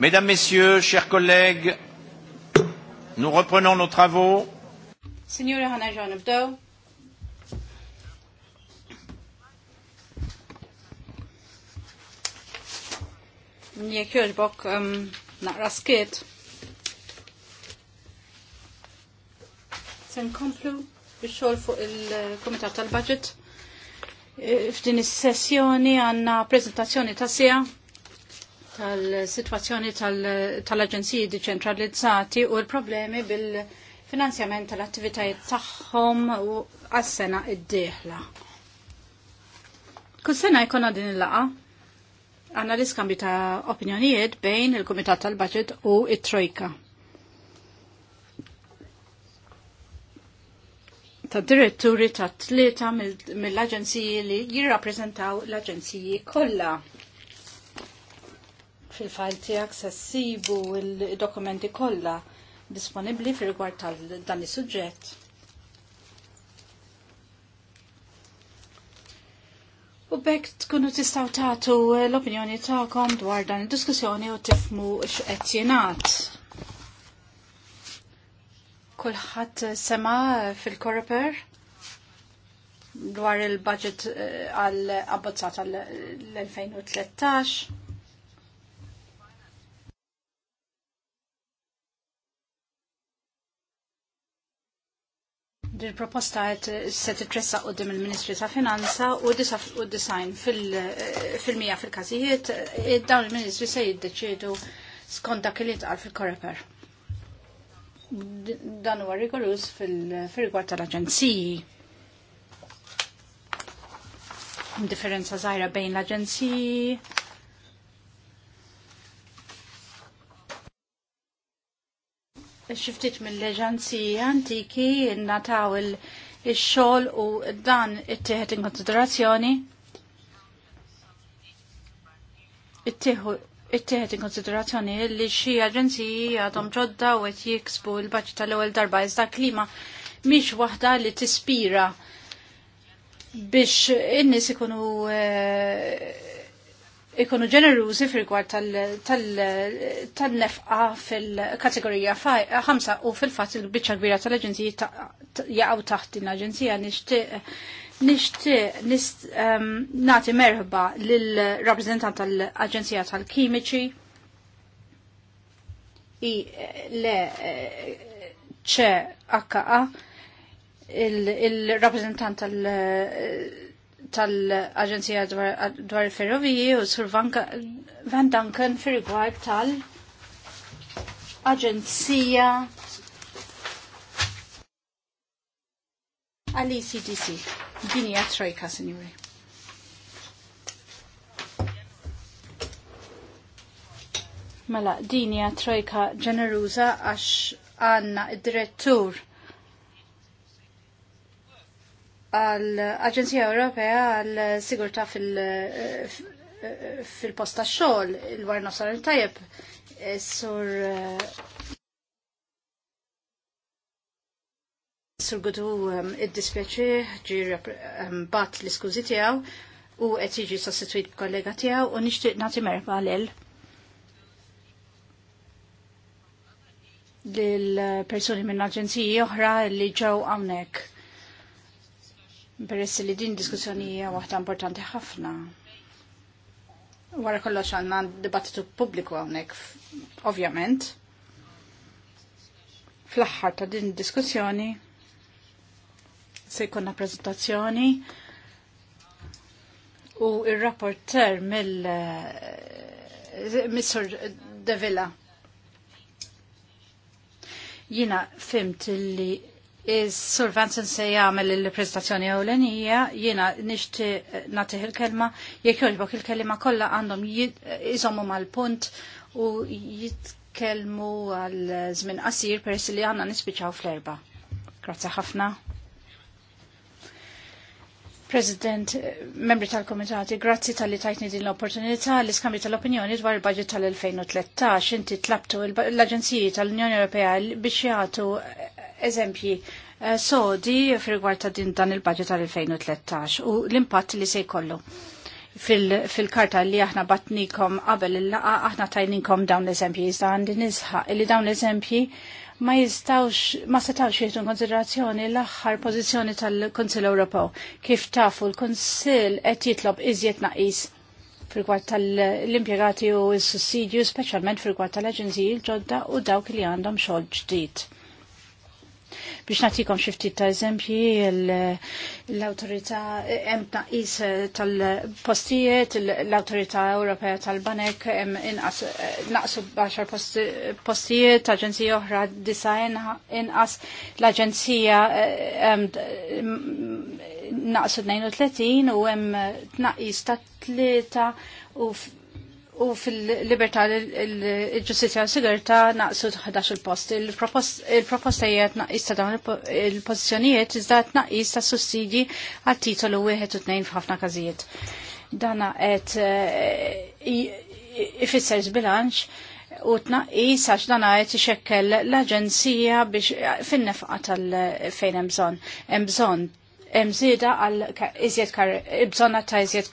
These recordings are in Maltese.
Mesdames, Messieurs, chers collègues, nous reprenons nos travaux. Signora Hanajan Abdo. Jek joġbok um, naqra skiet. Sen komplu biex fuq il-Komitat tal-Budget. E, f'din is-sessjoni għanna prezentazzjoni ta' sija tal-situazzjoni tal-aġenziji deċentralizzati u l-problemi bil-finanzjament tal-attivitajiet tagħhom u għas-sena id-dieħla. Kull sena jkollna din il-laqa għandna l-iskambju ta' opinjonijiet bejn il-Kumitat tal-Budget u it-Trojka. ta' diretturi ta' tlieta mill-aġenziji li jirrappreżentaw l-aġenziji kollha fil-fajl tiegħek se il-dokumenti kollha disponibbli fir-rigward tal-dan is-suġġett. U bekk tkunu tistaw tagħtu l-opinjoni tagħkom dwar dan id-diskussjoni u tifmu x'qed jingħad. Kulħadd sema fil-Koreper dwar il-budget eh, għal abbozzat għal l-2013. il proposta għed se tressa u dim il-Ministri ta' Finanza u design fil-mija fil-kazijiet, e, dawn il-Ministri se jiddeċidu skont dak li fil-koreper. Dan huwa rigorus fil-rigward tal-aġenziji. Differenza zaħira bejn l-aġenziji xiftit mill-leġanzi antiki nataw il-xol u dan it teħet in konsiderazzjoni. it teħet in konsiderazzjoni li xi aġenziji għadhom ġodda u qed jiksbu l-baġġi tal-ewwel darba iżda klima miex waħda li tispira biex in ikunu uh, ikunu ġenerużi fil-gwar tal-nefqa fil-kategorija 5 u fil-fat il-bicċa kbira tal-aġenzija jaqaw taħt din l-aġenzija nishti ehm, nati merħba l rappresentant tal-aġenzija tal-kimiċi i le ċe il-rappresentant tal tal-Aġenzija dwar il-Ferroviji u Sur Van Duncan fir rigward tal-Aġenzija għal-ECDC. Dini għat-trojka, signori. Mela, dini għat-trojka ġeneruza għax għanna id-direttur Għal aġenzija Ewropea għall-Sigurtà fil posta tax xogħol il-Warna Sar tajjeb e, sur e, Sur Gudu um, id-dispjaċi ġi um, bat l-iskużi tiegħu u qed jiġi sostituit b'kollega tiegħu u nixtieq nagħti merba lil lil persuni minn aġenziji oħra li ġew hawnhekk Peress li din diskussjoni hija waħda importanti ħafna. Wara kollox għandna dibattitu pubbliku hawnhekk, ovvjament. Fl-aħħar ta' din diskussjoni se jkollna preżentazzjoni u ir-rapporter mill eh, Mr. Davila. Jina fimt li Is-Sur Vansen se jagħmel il-prezentazzjoni ewlenija, jiena nixti nagħtih il-kelma, jekk jogħġbok il-kelma kollha għandhom iżommu mal-punt u jitkellmu għal żmien qasir peress li għandna nispiċċaw fl-erba. Grazzi ħafna. President, membri tal-Komitati, grazzi tal-li tajtni din l-opportunità li skambju tal-opinjoni dwar il-budget tal-2013. Inti tlabtu l-Aġenziji tal-Unjoni Ewropea biex jagħtu eżempji eh, sodi fil-rigward ta' din dan il-budget tal-2013 u l-impatt li se jkollu fil-karta li aħna batnikom qabel il-laqa aħna tajninkom dawn l-eżempji iżda għandi nisħa li dawn l-eżempji ma jistawx, ma setawx jieħdu konsiderazzjoni l-aħħar pożizzjoni tal-Kunsill Ewropew kif tafu l-Kunsill qed jitlob iżjed naqis fil-kwart tal-impjegati u s-sussidju, specialment fil-kwart tal-aġenziji l-ġodda u dawk li għandhom xogħol ġdid Biex natikom xifti ta' eżempji l autorita hemm tnaqis eh, tal-postijiet, l autorita Ewropea tal-Banek hemm inqas eh, naqsu baxar postijiet, l-agenzija oħra disajn inqas l-aġenzija eh, mm, naqsu 32 u hemm tnaqis ta' tlieta u u fil-libertà il-ġustizja u sigurta naqsu 11 il-post. Il-proposta naqis naqista dawn il-pozizjonijiet iżda naqis ta' sussidji għal titolu 1 u 2 f'ħafna każijiet. Dana għet eh, ifisser bilanċ u tnaqqis għax dan għet ixekkel l-aġenzija biex finnefqa nefqa tal-fejn hemm bżonn. Hemm bżonn hemm zieda għal iżjed bżonna ta' iżjed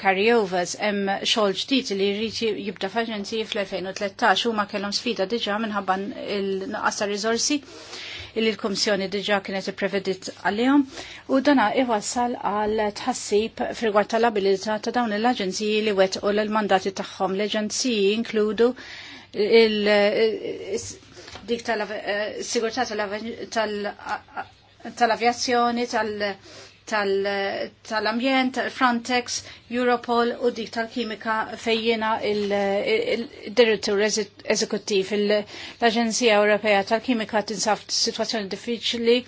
carryovers hemm xogħol ġdid li jrid jibda f'aġenziji fl-2013 huma kellhom sfida diġà minħabba il-nuqqas ta' riżorsi li l-Komissjoni diġa kienet prevedit għalihom u dana iwassal għal tħassib fil tal-abilità ta' dawn l-aġenziji li wet u l-mandati tagħhom. L-aġenziji inkludu il- dik tal-sigurtà eh, tal-avjazzjoni tal-avjazzjoni, tal-ambjent, tal, tal Frontex, Europol u dik tal-kimika fejjina il-direttur eżekuttiv l-Aġenzija Ewropea tal-Kimika tinsaf situazzjoni diffiċli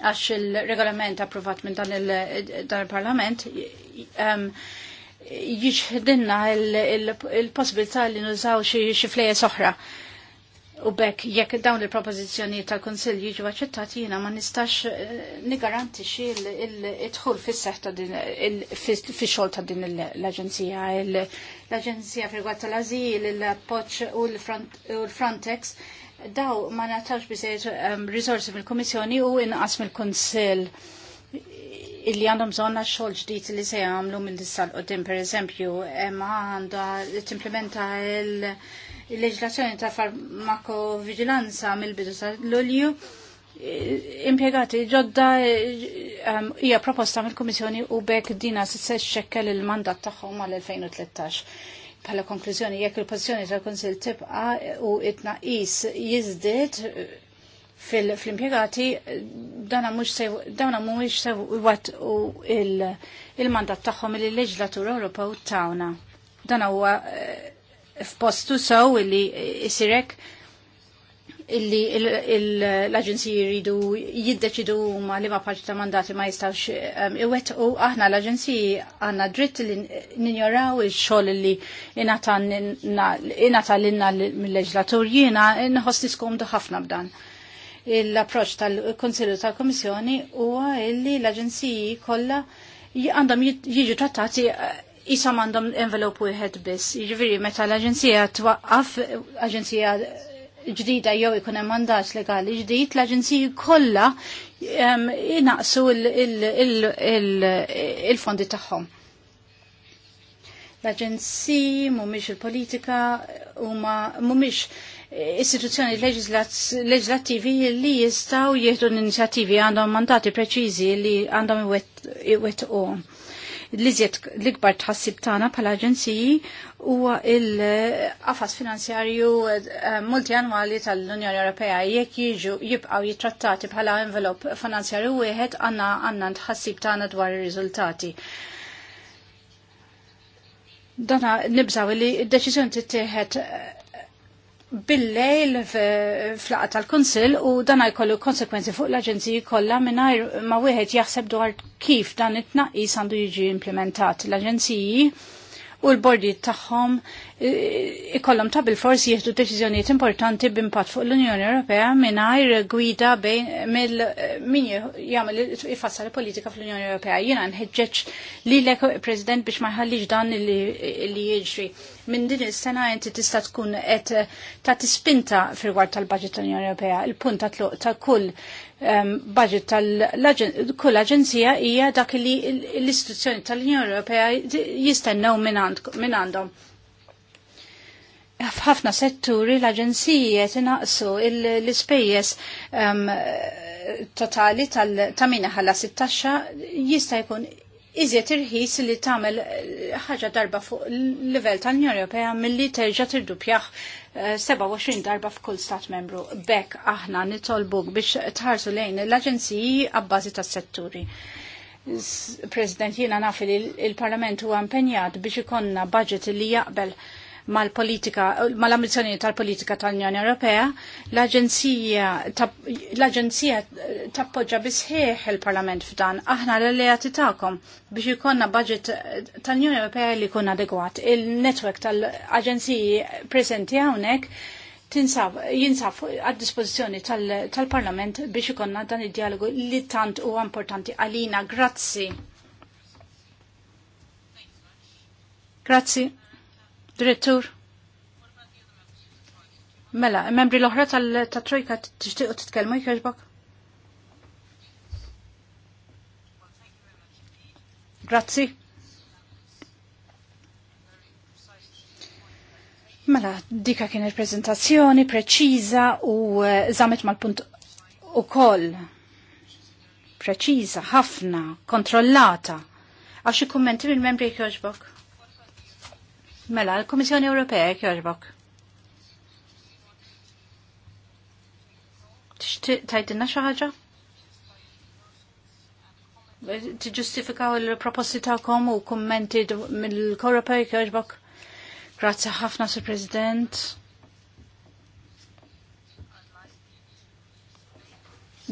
għax il-regolament approvat minn dan il-parlament um, jiġħdinna il-possibilità li nużaw xi flejes oħra U bekk, jekk dawn il-propozizjoni tal-Konsil jiġu aċċettati, jiena ma nistax eh, nigarantixi il-idħul fis din fix-xogħol ta' din l-Aġenzija. L-Aġenzija fil tal-Azil, l poċ u l-Frontex, daw ma natax bizzejt ehm, risorsi fil kummissjoni u inqas mill-Kunsill illi għandhom zonna xogħol ġdid li se jagħmlu mill u l per eżempju, ma għandha t-implementa il- il-leġlazzjoni ta' Vigilanza mill-bidu ta' l-olju e, impiegati ġodda e, ehm, hija proposta mill-Kummissjoni u bekk dina se xekkel il-mandat tagħhom għal-2013 bħala konklużjoni jekk il-pożizzjoni tal kunsill tibqa' u it-tnaqqis jiżdied fil-impjegati dawna mhuwiex sew wat u il-mandat tagħhom il-leġlatur Ewropew tawna. Dan huwa e, f'postu sew illi isirek illi l-aġenziji jridu jiddeċidu ma li ma parti ta' mandati ma jistawx um, iwet u aħna l-aġenziji għanna dritt li ninjoraw il-xol li inata l-inna mill-leġlatur jina nħostiskom ħafna b'dan l-approċ tal-Konsilju tal-Komissjoni huwa illi l-Aġenziji kollha għandhom jiġu trattati jisa mandom envelop wieħed biss. Jiġifieri meta l-aġenzija twaqqaf aġenzija ġdida jew ikun hemm mandat legali ġdid, l-aġenziji kollha jnaqsu il-fondi tagħhom. L-aġenziji mhumiex il-politika huma mhumiex istituzzjoni leġislattivi li jistgħu jieħdu l-inizjattivi għandhom mandati preċiżi li għandhom iwettquhom L-iżjed l-ikbar tħassib tagħna bħala aġenziji huwa il-qafas finanzjarju eh, multianwali tal-Unjoni Ewropea jekk jiġu jibqgħu jittrattati bħala envelop finanzjarju wieħed għandna għandna tħassib tagħna dwar ir-riżultati. Dana nibżaw li d-deċiżjoni tittieħed eh, bil-lejl fl-laqa tal-Konsil u dan jkollu konsekwenzi fuq l-Aġenziji kollha mingħajr ma wieħed jaħseb dwar kif dan it-tnaqqis għandu jiġi implementat. L-Aġenziji u l-bordi tagħhom eh, ikollhom ta' bil-fors jieħdu deċiżjonijiet importanti b'impatt fuq l-Unjoni Ewropea mingħajr gwida bejn mill min jagħmel ifassal politika fl-Unjoni Ewropea. Jiena nħeġġeġ lilek President biex ma jħallix dan li jiġri. Li minn din is-sena inti tista' tkun qed eh, ta' tispinta fil-gwar tal budget tal-Unjoni Ewropea. Il-punt ta' tluq ta' kull ehm, budget tal-kull aġenzija hija dak li l-istituzzjoni tal-Unjoni Ewropea jistennew minn għandhom f'ħafna setturi l aġenzija inaqsu l-ispejjeż ehm, totali tal-tamina ħalla 16 jista' jkun iżjed irħis li tagħmel eh, ħaġa darba fuq livell tal-Unjoni Ewropea milli terġa' tirdupjaħ eh, 27 darba f'kull stat membru. Bekk aħna nitolbuk biex tħarsu lejn l-aġenziji għabbażi tas-setturi. President, jiena naf li l-Parlament huwa impenjat biex ikonna budget li jaqbel mal-politika, mal-ambizjoni tal-politika tal-Unjoni Ewropea, l-Aġenzija tappoġġa bisħieħ il-Parlament f'dan. Aħna l-alleati tagħkom biex ikonna budget tal-Unjoni Ewropea li jkun adegwat. Il-netwerk tal-Aġenziji preżenti hawnhekk tinsab, jinsab għad dispożizzjoni tal-Parlament tal biex ikonna dan id-dialogu li tant u importanti għalina. Grazzi. Grazzi. Direttur? Mela, membri l-oħra tal-trojka t-ixtiqu t-tkelmu jkħiġbok? Grazzi. Mela, dika kien il-prezentazzjoni preċiża u eh, zamet mal-punt u koll. Preċiża, ħafna, kontrollata. Għaxi kummenti mill-membri jkħiġbok? Mela, l-Komissjoni Ewropea kjoġbok. Tajdinna xaħġa? Tiġustifikaw il-proposti ta'kom u kommenti mill-Korapej kjoġbok. Grazie ħafna, Sir President.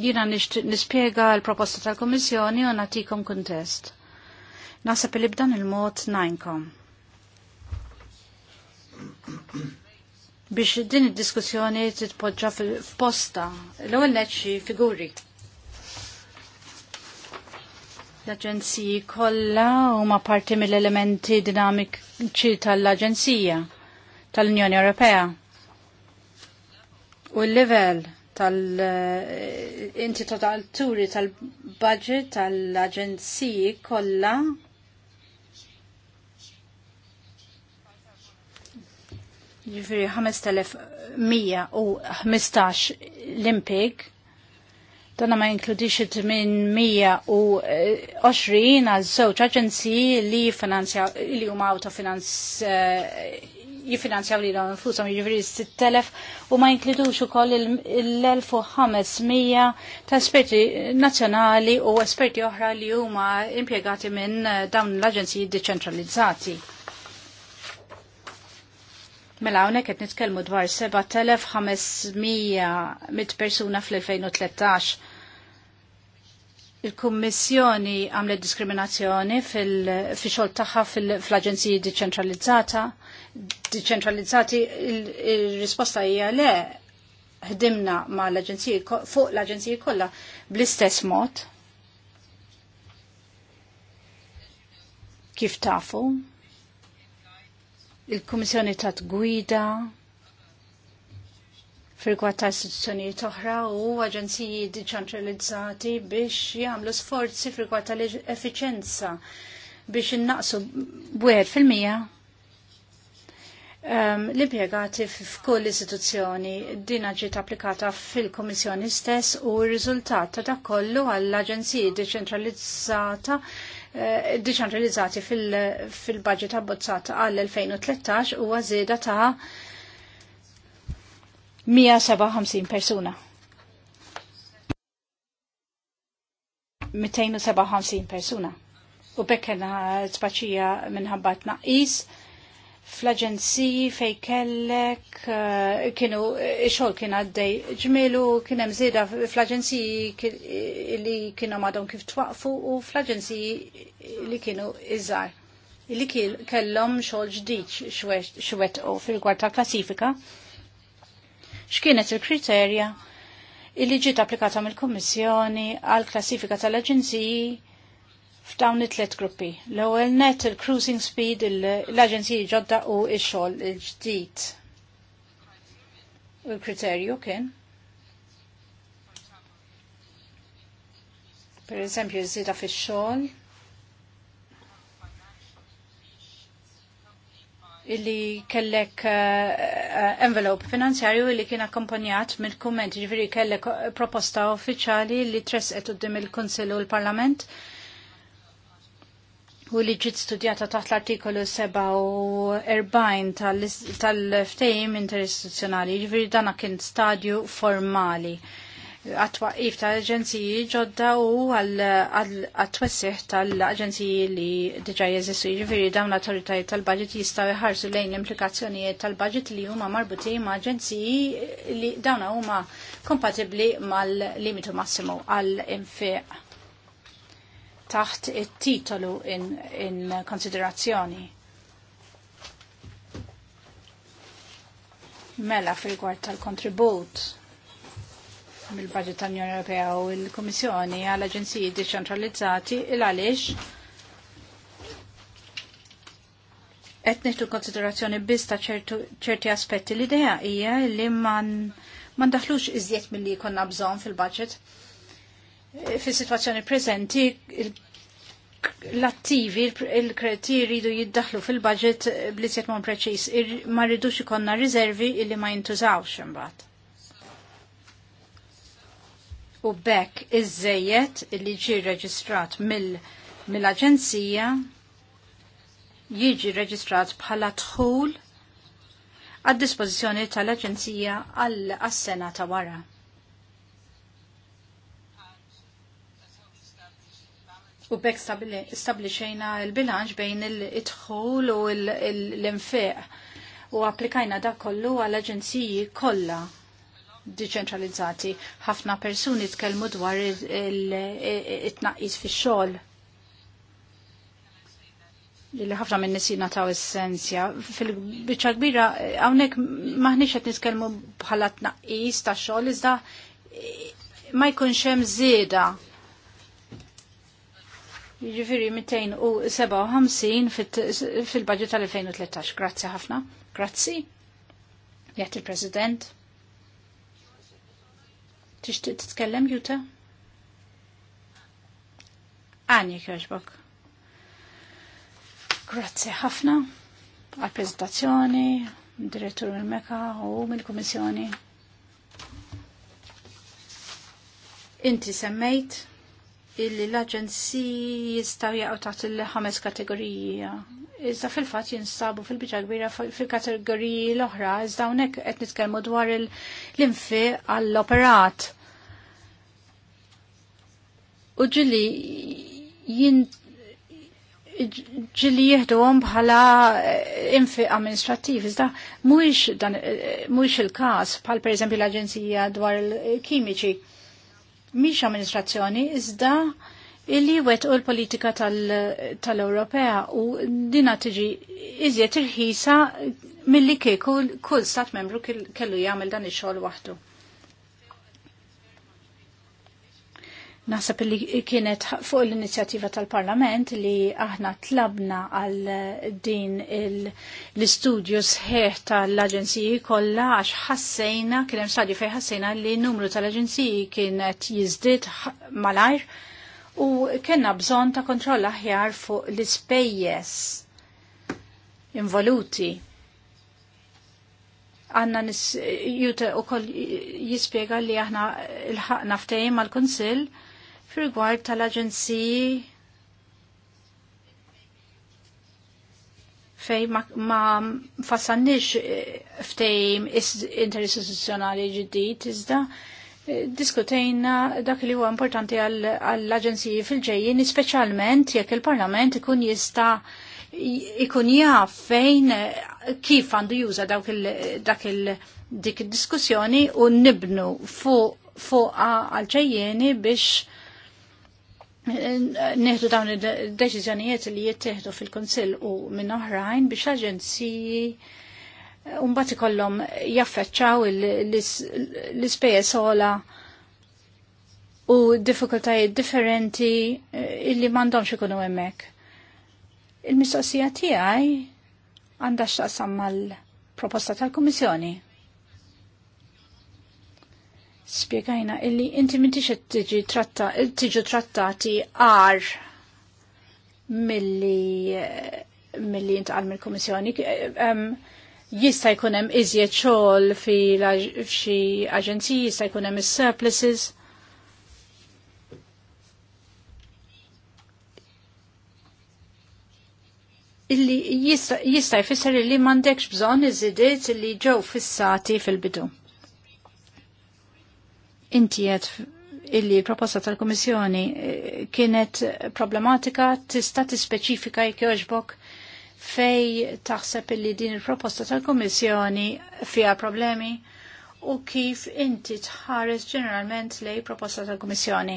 Jina nispiega l-proposta tal-Komissjoni u natikom kontest. Nasa li il-mod 9 biex din id-diskussjoni titpoġġa fil-posta. L-ewwel xi figuri. L-aġenziji kollha huma parti mill-elementi dinamiċi tal-Aġenzija tal-Unjoni Ewropea. U l-livell tal- eh, inti totalturi turi tal-budget tal-aġenziji kollha ġifiri u l-impik, donna ma jinkludix minn eh, 120 għal żewġ aġenzi li finanzjaw li huma autofinanz eh, jifinanzjaw li dawn infushom jiġifieri 6000 u ma jinkludux ukoll il 1500 ta' esperti nazzjonali u esperti oħra li huma impjegati minn eh, dawn l-aġenziji deċentralizzati Mela hawnhekk qed nitkellmu dwar 7500 persuna fl-2013. Il-Kummissjoni għamlet diskriminazzjoni fil-xogħol tagħha fl-aġenziji deċentralizzata. Deċentralizzati il-risposta hija le ħdimna ma l-aġenziji fuq l-aġenziji kollha bl-istess mod. Kif tafu? il-Kummissjoni ta' gwida firgwat ta' istituzzjonijiet oħra u aġenziji diċentralizzati biex jagħmlu sforzi firgwat tal efficienza biex innaqsu bwer fil-mija um, ehm, l-impiegati f'kull istituzzjoni din ġiet applikata fil-Komissjoni stess u r-riżultat ta' kollu għall-Aġenziji deċentralizzata Eh, diċentralizzati fil-budget abbozzat għall-2013 u għazida ta' 157 persuna. 257 persuna. U bekkena tbaċija minħabba tnaqis fl-aġenziji fej kellek, eh, kienu, eh, xol kien għaddej ġmilu, kien hemm zida fl-aġenziji li kienu madhom kif twaqfu u fl-aġenziji li kienu iżgħar. Li kellhom xogħol ġdid xwet u fil-gwar ta' klassifika. X'kienet il-kriterja illi ġiet applikata mill-Kummissjoni għal klassifika tal-aġenziji f'dawn it-tlet gruppi. L-ewwel net il-cruising speed, l-aġenziji ġodda u x-xogħol il-ġdid. U l-kriterju kien. Per eżempju, żieda fix-xogħol, illi kellek uh, envelope finanzjarju illi kien akkompanjat mill kumment ġifiri kellek proposta uffiċjali li tresqet qudiem il-Kunsill u l-Parlament u li ġit studjata taħt l-artikolu 47 tal-ftejim interistituzjonali, ġviri jiġifieri dana kien stadju formali. Għatwaqif tal-aġenziji ġodda u għat-twessiħ tal-aġenziji li diġa jeżistu, ġviri jiġifieri dawn l-autoritajiet tal-budget jistaw jħarsu lejn implikazzjonijiet tal-budget li huma marbuti ma' aġenziji li dawna huma kompatibli mal-limitu massimu għal-infiq taħt it-titolu in, in konsiderazzjoni. Mela fil-gwart tal-kontribut mill-Budget tal-Unjoni Ewropea u l-Kummissjoni għall aġenziji deċentralizzati il għaliex qed nieħdu konsiderazzjoni biss ta' ċerti aspetti l-idea hija li man ma ndaħlux iżjed milli jkollna bżonn fil-budget fis situazzjoni prezenti l-attivi, il-krediti jridu jiddaħlu fil-budget bliżjet mon preċis, ma rridux ikonna riservi illi ma jintużawx imbagħad. U bekk iż-żejjed illi ġi reġistrat mill-aġenzija jiġi reġistrat bħala tħul għad dispożizzjoni tal-Aġenzija għall-sena ta' wara. u bekk stabliċejna il-bilanċ bejn il-idħol u l infeq u applikajna da kollu għall-aġenziji kollha deċentralizzati. Ħafna persuni tkellmu dwar it-tnaqqis fix-xogħol li ħafna minn nisina taw essenzja. Fil-bicċa kbira, għawnek maħniċ għet niskelmu bħala tnaqqis ta' xogħol iżda ma jkunx hemm żieda Jiġifieri 257 fil-budget tal-2013. Grazzi ħafna. Grazzi. Jgħid il-President. Tixtieq titkellem Juta? Għani kjoġbok. Grazzi ħafna għal-prezentazzjoni, direttur mill-Meka u mill-Kummissjoni. Inti semmejt illi l-aġenziji jistaw jaqgħu taħt il-ħames kategorija. Iżda fil-fatt jinsabu fil bicċa kbira fil-kategoriji l-oħra, iżda hawnhekk qed nitkellmu dwar l-infi għall-operat. U ġili jien ġili jihdu għom bħala eh, infi amministrativ, iżda mux eh, il-kas, bħal per eżempju l-Aġenzija dwar il-Kimiċi miex amministrazzjoni iżda illi wet u l-politika tal-Ewropea u dina tiġi iżjed irħisa mill-li kieku kull stat membru kellu jagħmel dan ix-xogħol waħdu. Nasab li kienet fuq l-inizjativa tal-Parlament li aħna tlabna għal din l-istudju sħiħ tal-Aġenziji kollha għax ħassejna kien hemm stadju fejn ħassejna li n-numru tal-Aġenziji kienet jiżdied malajr u kellna bżonn ta' kontroll aħjar fuq l-ispejjeż involuti għanna nis jute u koll jispiega li aħna il-ħakna ftejim għal-konsil fil-gwar tal-aġenziji fej ma, ma eh, ftejm ftejm interistituzzjonali ġiddit, iżda eh, diskutejna dak li huwa importanti għall-aġenziji fil-ġejjin, speċjalment jekk il-Parlament ikun jista' ikun jaf fejn eh, kif għandu juża dak il dik id-diskussjoni u nibnu fuq fuq għal biex neħdu dawn id-deċiżjonijiet li jittieħdu fil-Kunsill u minn oħrajn biex aġenziji mbagħad ikollhom jaffeċċaw l-ispejjeż sola u diffikultajiet differenti eh, illi m'għandhomx ikunu hemmhekk. Il-mistoqsija tiegħi għandha x'taqsam mal-proposta tal-Kummissjoni spiegajna illi inti mintix tiġi tratta, tiġu trattati għar milli milli għal mill-Kummissjoni. Jista' jkun hemm iżjed xogħol fi f'xi aġenziji, jista' jkun hemm is-surpluses. Illi jista' jfisser illi m'għandekx bżonn iż-żidiet illi ġew fissati fil-bidu. Inti għed illi proposta tal-Komissjoni eh, kienet problematika tista' tispeċifika jekk jogħġbok fej taħseb illi din il-proposta tal-Komissjoni fiha problemi u kif inti tħares ġeneralment lej proposta tal-Komissjoni.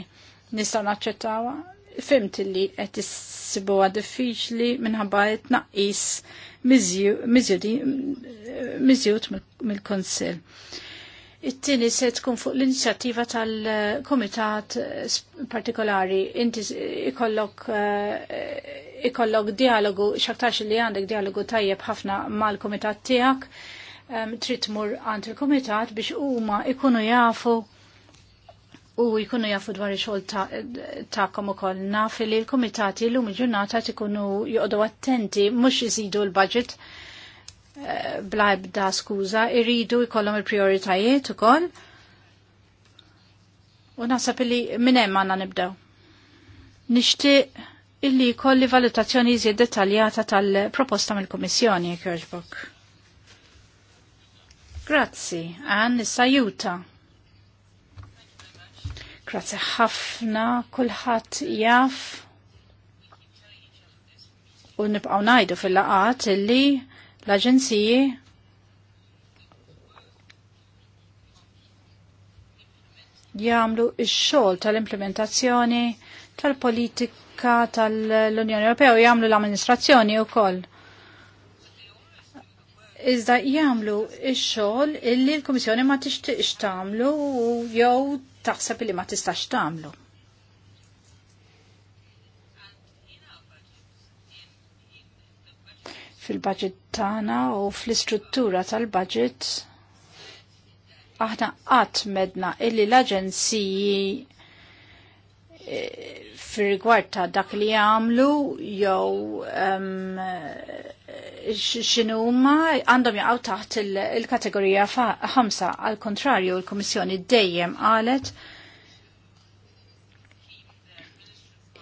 Nistgħu naċċettawha? fimt li qed issibuha diffiċli minħabba qed tnaqqis miżjud mill-Kunsill. It-tieni se tkun fuq l-inizjattiva tal-komitat partikolari. Inti ikollok eh, ikollok dialogu, xaktax li għandek dialogu tajjeb ħafna mal-komitat tiegħek, trid tmur għand il-komitat biex huma ikunu jafu u jkunu jafu dwar i xol tagħkom ukoll koll nafi li l-komitati l il-ġurnata tikunu joqdu attenti mux jizidu l-budget Eh, blajbda skuża, irridu jkollhom il-prioritajiet ukoll. U nasab illi minn hemm għandna nibdew. Nixtieq illi jkolli valutazzjoni iżjed dettaljata tal-proposta mill-Kummissjoni Kirchbook. Grazzi, għan issa Grazzi ħafna, kulħadd jaf u nibqgħu ngħidu fil-laqat illi L-aġenziji jagħmlu x-xogħol tal-implementazzjoni tal-politika tal-Unjoni Ewropea u jagħmlu l-amministrazzjoni wkoll. Iżda jagħmlu x-xogħol illi l-Kummissjoni ma tixtieqx tagħmlu jew taħseb li ma tistax tagħmlu. fil-budget tagħna u fl-istruttura tal-budget aħna qatt medna illi l-aġenziji eh, fir-rigward ta' dak li jagħmlu jew ehm, x'inhuma għandhom jaqgħu taħt il-kategorija 5 għal kontrarju l-Kummissjoni dejjem qalet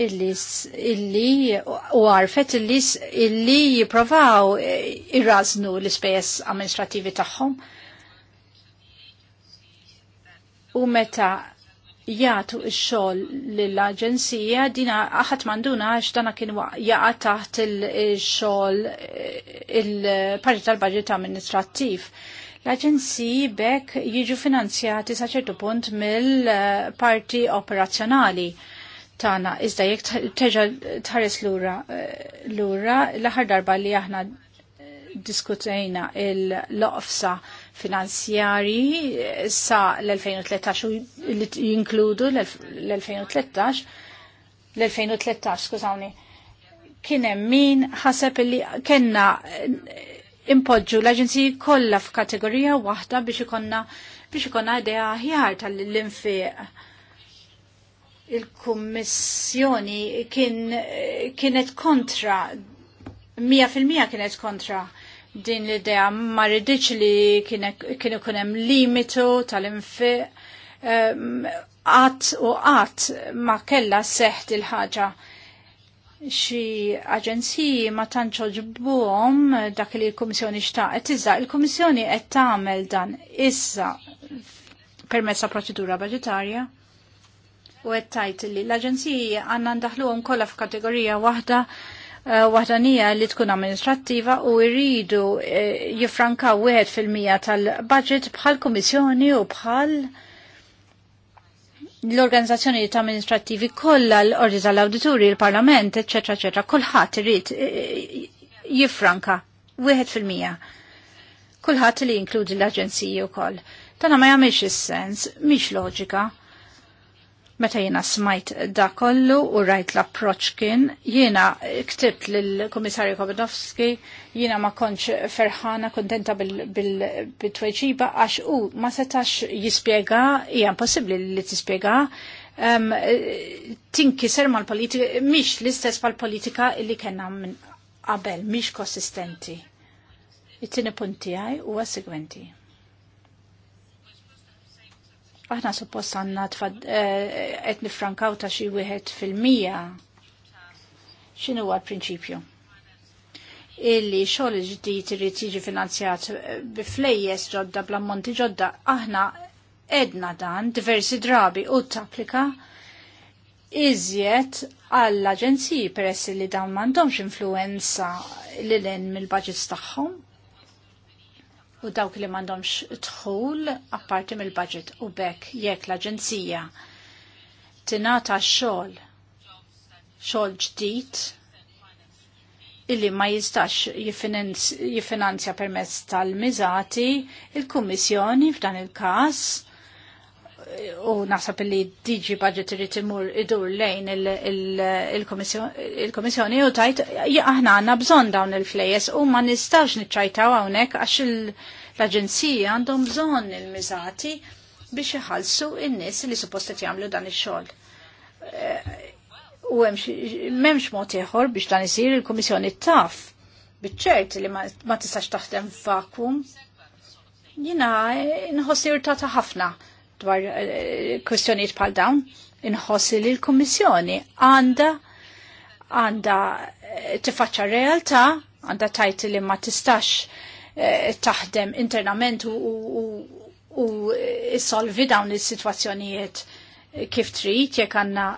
illi u għarfet illi jiprovaw eh, irraznu l-ispejjeż amministrativi tagħhom. U meta jgħatu x-xogħol lill-aġenzija dina aħat manduna għax dana kien jaqa taħt il-xogħol eh, il-parti tal-baġit amministrattiv. L-aġenziji bekk jiġu finanzjati sa ċertu punt mill-parti eh, operazzjonali tana, iżda jekk teġa tħares lura eh, lura l-aħħar darba li aħna eh, diskutejna il-loqfsa finanzjari eh, sa l-2013 u jinkludu l-2013 l-2013, skużawni, kienem min ħaseb li kena impoġġu l-aġenziji kollha f'kategorija waħda biex ikonna biex ikonna idea ħjar tal-infiq il-Kummissjoni kien, kienet kontra, 100% kienet kontra din l-idea, ma rridx li kien ikun hemm limitu tal-infi ehm, għat u għat ma kella seħt il-ħaġa. Xi aġenziji ma tantx ġibbuhom dak li l-Kummissjoni xtaqet iżda il-Kummissjoni qed tagħmel dan issa permezz ta' proċedura budgetarja u għettajt li l-Aġenziji għanna ndaħluhom kollha f'kategorija waħda eh, wahdanija li tkun amministrattiva u jridu eh, jifranka wieħed fil-mija tal-budget bħal komissjoni u bħal l-organizzazzjoni amministrattivi kollha l-ordi tal-awdituri, il-parlament, etc. etc. kulħadd irid eh, jifranka wieħed fil-mija. Kulħadd li jinkludi l-aġenziji wkoll. Tana ma jagħmilx is-sens, mhix loġika Meta jiena smajt da kollu u rajt l proċkin, kien, jiena ktibt lill-Kummissarju Kobodowski, jiena ma konċ ferħana kontenta bil-tweġiba għax u ma setax jispjega, hija impossibbli li tispjega um, tinkiser mal-politika, miex l-istess l politika illi kena minn qabel, miex konsistenti. It-tini punti għaj u għas segwenti. Aħna suppost għanna eh, qed nifrankaw ta' xi wieħed fil-mija. X'inhu għal l-prinċipju? Illi xogħol ġdid irid jiġi finanzjat bi ġodda bl-ammonti ġodda, aħna edna dan diversi drabi u tapplika iżjed għall-aġenziji peress li dan m'għandhomx influenza lil hemm mill-budgets tagħhom u dawk li mandomx tħul apparti mill-budget u bekk jekk l-Aġenzija tinata xogħol xogħol ġdid illi ma jistax jiffinanzja permezz tal-miżati il-Kummissjoni f'dan il-każ u naħseb li diġi Budget irid imur idur lejn il-Komissjoni u tajt aħna għandna bżonn dawn il-flejes u ma nistax niċċajtaw hawnhekk għax l-Aġenzija għandhom bżonn il mizati biex iħallsu il nies li suppost qed jagħmlu dan ix-xogħol. U m'hemmx mod ieħor biex dan isir il-Komissjoni taf biċċert li ma tistax taħdem vakum. Jina nħossi irtata ħafna dwar eh, kwestjoniet bħal dawn, inħossi li l-Kommissjoni għanda għanda eh, tifaċċa realtà, għanda tajt li ma tistax eh, taħdem internament u solvi dawn is-sitwazzjonijiet kif trid jekk għandna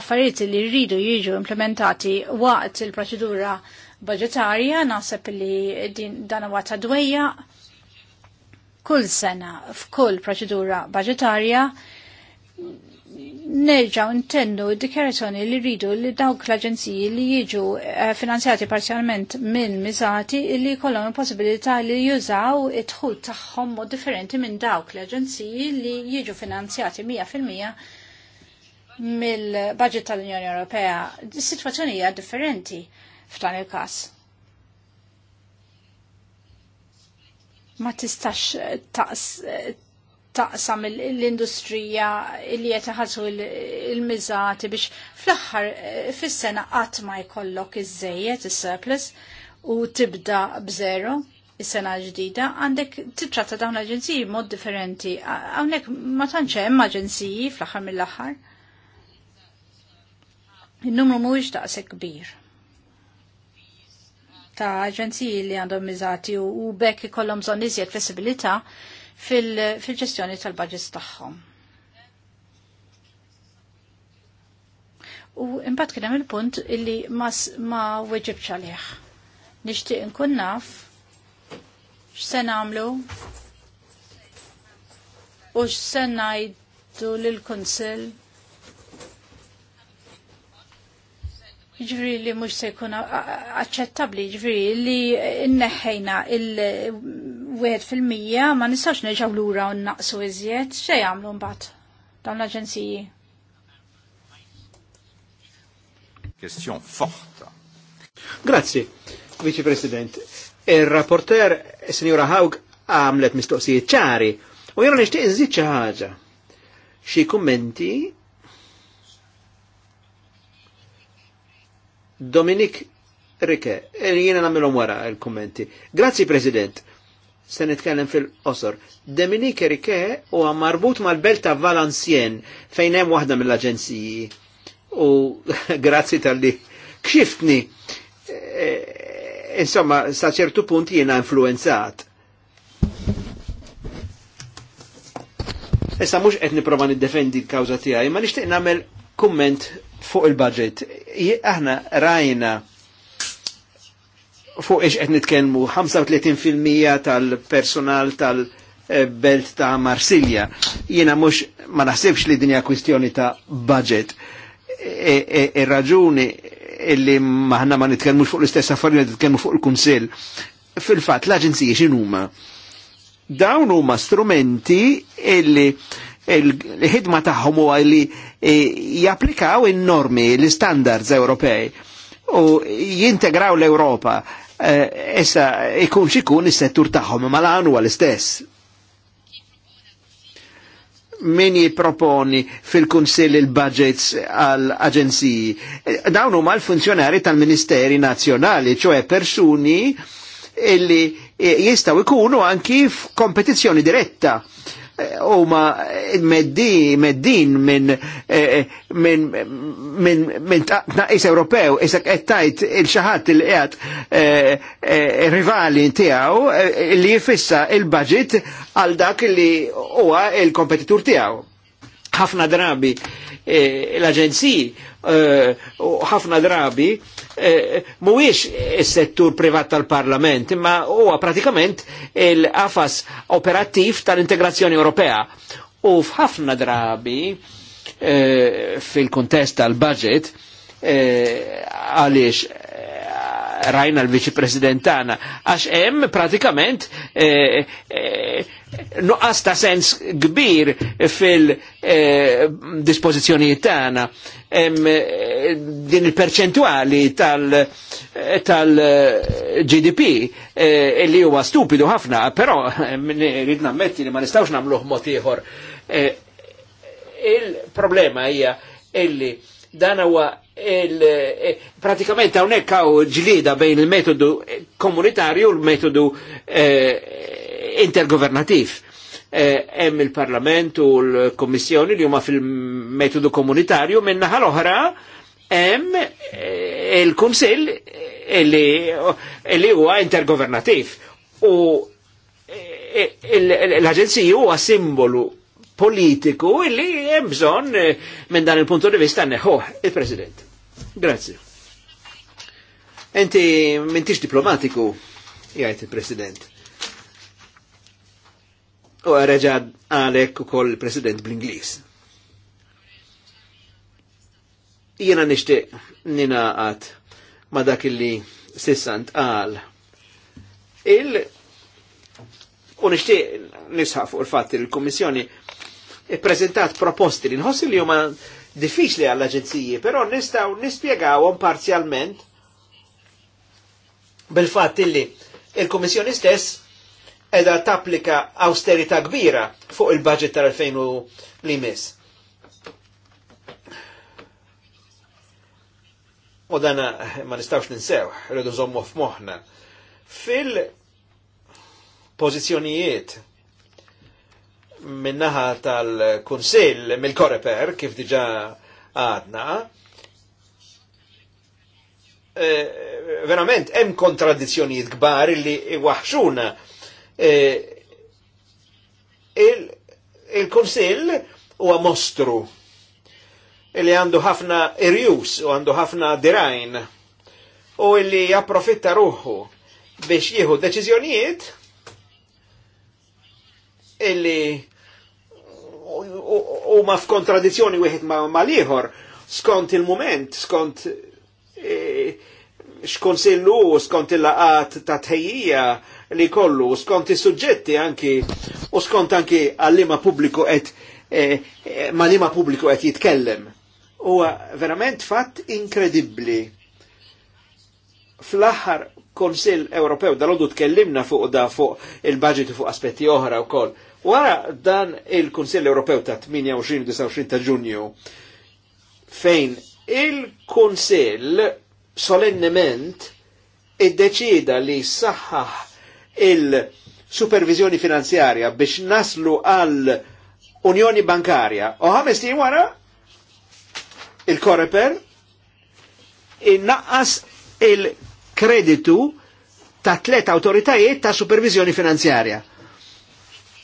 affarijiet li rridu jiġu implementati waqt il-proċedura budgetarja, naħseb li din dan huwa ta' dwejja kull sena f'kull proċedura budgetarja nerġaw id dikjarazzjoni li rridu li dawk l-aġenziji li jiġu eh, finanzjati parzjalment minn miżati li kollhom possibilità li jużaw id-dħul tagħhom mod differenti minn dawk l-aġenziji li jiġu finanzjati 100% mill-budget tal-Unjoni Ewropea. Is-sitwazzjoni hija differenti f'dan il-każ ma tistax eh, eh, taqsam l-industrija li qed iħallsu l-miżati biex fl-aħħar eh, fis-sena qatt ma jkollok iż-żejjed is-surplus u tibda b'zero is-sena ġdida għandek titratta dawn l-aġenziji mod differenti. Hawnhekk ma tantx hemm aġenziji fl-aħħar mill-aħħar. Il-numru mhuwiex daqshekk kbir ta' aġenziji li għandhom miżati u bekk ikollhom bżonn iżjed flessibilità fil-ġestjoni fil tal-budgets tagħhom. U imbagħad kien hemm il-punt illi mas, ma weġibx għalih. Nixtieq inkun naf x'se nagħmlu u x'se ngħidu lill-Kunsill ġviri jiġifieri li mux se jkun accettabli ġviri jiġifieri li inneħħejna il-1% ma nistax neġaw lura u naqsu iżjed, xe jgħamlu mbagħad dawn l-aġenziji? Kestjon forta. Grazzi, Vice President. Il-rapporter, Signora Haug, għamlet mistoqsijiet ċari u jgħu nishtiq nżid xi ħaġa. Xi kummenti Dominik Rike, eh, jiena namilom wara il-kommenti. Grazzi, President. Se nitkellem fil-qosor. Dominik Rike huwa marbut mal-belt ta' Valencien fejn hemm waħda mill-aġenziji. U grazzi tal-li kxiftni. Eh, insomma, sa ċertu punt jiena influenzat. Issa mhux qed nipprova niddefendi l-kawża tiegħi, ma nixtieq nagħmel kumment fuq il-budget. Aħna rajna fuq ix qed nitkellmu 35% tal-personal tal-belt ta' Marsilja. Jiena mhux ma naħsibx li dinja kwistjoni ta' budget. Ir-raġuni e, e, e illi maħna ma nitkellmux fuq l-istess affarijiet nitkellmu fuq il-Kunsill. Fil-fatt l-aġenziji xinuma. Dawn huma strumenti illi il-ħidma tagħhom huwa li eh, japplikaw in-normi, l-standards Ewropej u jintegraw l-Ewropa. Eh, issa ikun xikun is-settur tagħhom ma l l-istess min jiproponi fil-Kunsill il-budgets għal-aġenziji. Eh, dawn huma l-funzjonari tal-Ministeri Nazzjonali, ċoe persuni illi jistaw ikunu anki f'kompetizzjoni diretta u ma meddi, meddin minn eh, eh, min, min, min tnaqis Ewropew isek qed tajt il-xaħat il qiegħed eh, rivali tiegħu li jfissa il-budget għal dak li huwa il-kompetitur tiegħu. Ħafna drabi l-aġenziji uh ħafna drabi eh, mhuwiex is-settur privat tal-Parlament, imma huwa pratikament il-qafas operattiv tal-integrazzjoni Ewropea. U f'ħafna drabi eh, fil-kontest tal-budget għaliex rajna l-Viċi presidentana, għax hemm pratikament nuqqas ta' sens kbir fil-dispozizjonijiet eh, tagħna eh, din il percentuali tal-GDP eh, li huwa stupidu ħafna, però rrid nammetti li ma nistgħux nagħmluh mod ieħor. Il-problema hija illi dan huwa pratikament hawnhekk hawn ġlieda bejn il-metodu komunitarju u l-metodu intergovernativ. Eh, hemm il-Parlament u l-Kommissjoni li huma fil-metodu komunitarju minna ħal oħra hemm eh, il-Kunsill eh, li huwa intergovernativ u l-Aġenzija huwa simbolu politiku li hemm bżonn minn dan il-punto di vista neħoħ il-President. Grazie. Enti mintix diplomatiku, jgħid il-President u reġa għalek u koll president bl-Inglis. Jena nina ninaqat ma dak li sissant għal. Il- U nishti nisħaf fuq il-fat il-Kommissjoni prezentat proposti li nħossi li huma diffiċli għall-aġenziji, però nistaw nispiegawhom parzjalment bil-fatt li il-Kommissjoni stess edha tapplika austerita kbira fuq il-budget tal-2000 li mis. U dana ma nistawx ninsew, rridu zommu f'moħna. Fil-pozizjonijiet minnaħa tal-Kunsill, mill-Koreper, kif diġa għadna, eh, verament, hemm kontradizzjonijiet kbar li waħxuna Eh, il-Konsil huwa mostru li għandu ħafna irjus u għandu ħafna dirajn u li japprofitta ruħu biex jieħu deċiżjonijiet illi u ma f'kontradizzjoni wieħed ma liħor skont il-moment, skont eh, xkonsillu, skont il-laqat ta' tħejjija li kollu, u skont is-suġġetti anki, u skont anki għallima pubbliku et e, e, ma lima pubbliku qed jitkellem. Huwa verament fatt inkredibbli. Fl-aħħar Konsil Ewropew dal-għodu tkellimna fuq da fuq il-budget fuq aspetti oħra u koll. Wara dan il-Konsil Ewropew ta' 28-29 ta' ġunju, fejn il-Konsil solennement id-deċida li saħħaħ il-supervizjoni finanzjarja biex naslu għal Unjoni Bankarja. U ħames tim wara il-Koreper innaqqas il-kreditu ta' tlet autoritajiet ta' supervizjoni finanzjarja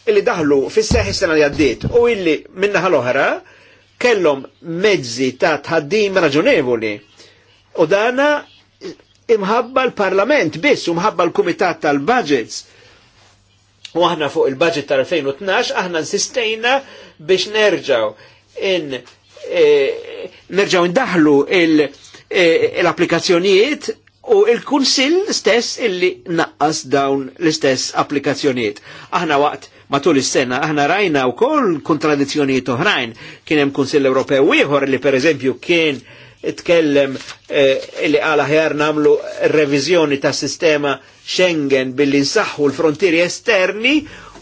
illi daħlu fis-seħi sena li għaddiet u illi minna l-oħra kellhom mezzi ta' tħaddim raġunevoli. U dana imħabba l-Parlament biss, u mħabba l-Kumitat tal-Budgets. U aħna fuq il-budget tal-2012, aħna nsistejna biex nerġaw in e, nerġaw indaħlu e, l-applikazzjonijiet e, u il-kunsil stess illi naqqas dawn l-istess applikazzjonijiet. Aħna waqt matul is-sena aħna rajna wkoll kontradizzjonijiet oħrajn kien hemm Kunsill Ewropew ieħor li pereżempju kien Itkellem eh, li għala ħjar namlu revizjoni ta' sistema Schengen billi nsaħħu l-frontieri esterni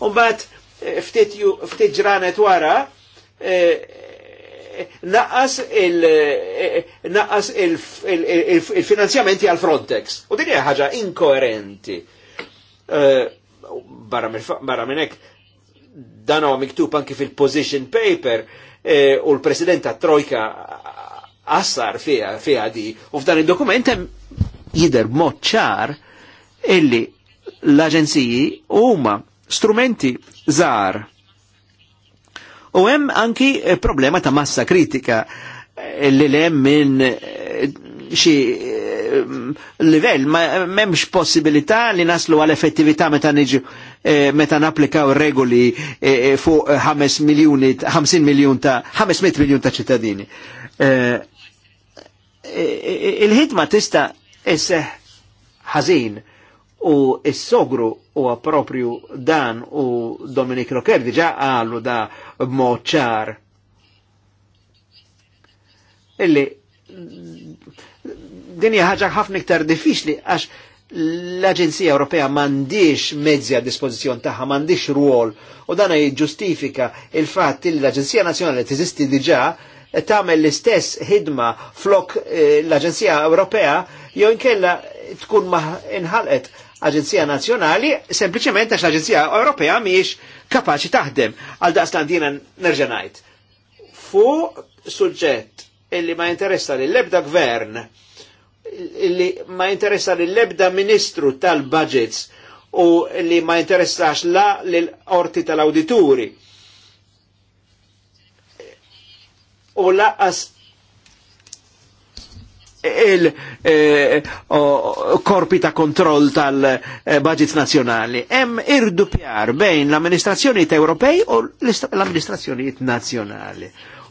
u bat eh, ftit ġranet wara eh, naqas il-naqas il-finanzjamenti għal Frontex. U din hija ħaġa inkoerenti. Barra minnek, dan huwa miktub anki fil-position paper u l-President ta' Trojka assar fija, fija di. U f'dan il-dokument jidher b'mod ċar illi l-aġenziji huma strumenti żgħar. U hemm anki eh, problema ta' massa kritika eh, li hemm minn eh, xi livell ma m'hemmx possibilità li naslu għal effettività meta niġu meta napplikaw regoli fuq 5 miljuni 50 miljun ta' 500 miljun ta' ċittadini il-ħidma tista esseħ ħażin u s-sogru u propju dan u Dominik Loker diġa għallu da moċċar. Illi dinja ħaġa ħafna iktar diffiċli għax l-Aġenzija Ewropea mandiex mezzi għad dispozizjon tagħha, mandiex ruol u dan jiġġustifika il-fatt li l-Aġenzija Nazjonali tiżisti diġà tagħmel l-istess ħidma flok eh, l-Aġenzija Ewropea jew inkella tkun ma inħalqet Aġenzija Nazzjonali sempliċement għax l-Aġenzija Ewropea mhijiex kapaċi taħdem għal daqstant dina nerġa' ngħid. suġġett illi ma interessa li lebda ebda gvern illi ma interessa li lebda ebda ministru tal-budgets u li ma interessax la l-orti tal-awdituri u laqas il-korpi eh, ta' kontroll tal-budget nazjonali. Em irdu pjar bejn l-amministrazzjonijiet Ewropej u l-amministrazzjonijiet nazjonali.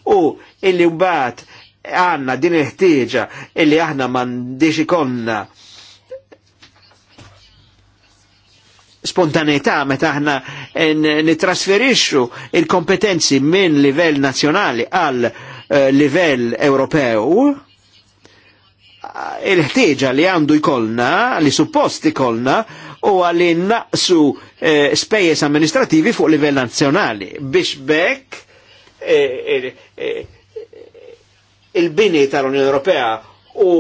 U illi mbagħad għanna din il-ħtieġa illi aħna m'għandix ikonna spontaneità meta aħna nitrasferixxu il-kompetenzi minn livell nazzjonali għal Eh, livell Ewropew il-ħtieġa li għandu jkollna, li supposti jkollna, u għalli naqsu eh, spejjeż amministrativi fuq livell nazzjonali biex bekk eh, eh, il-bini tal-Unjoni Ewropea u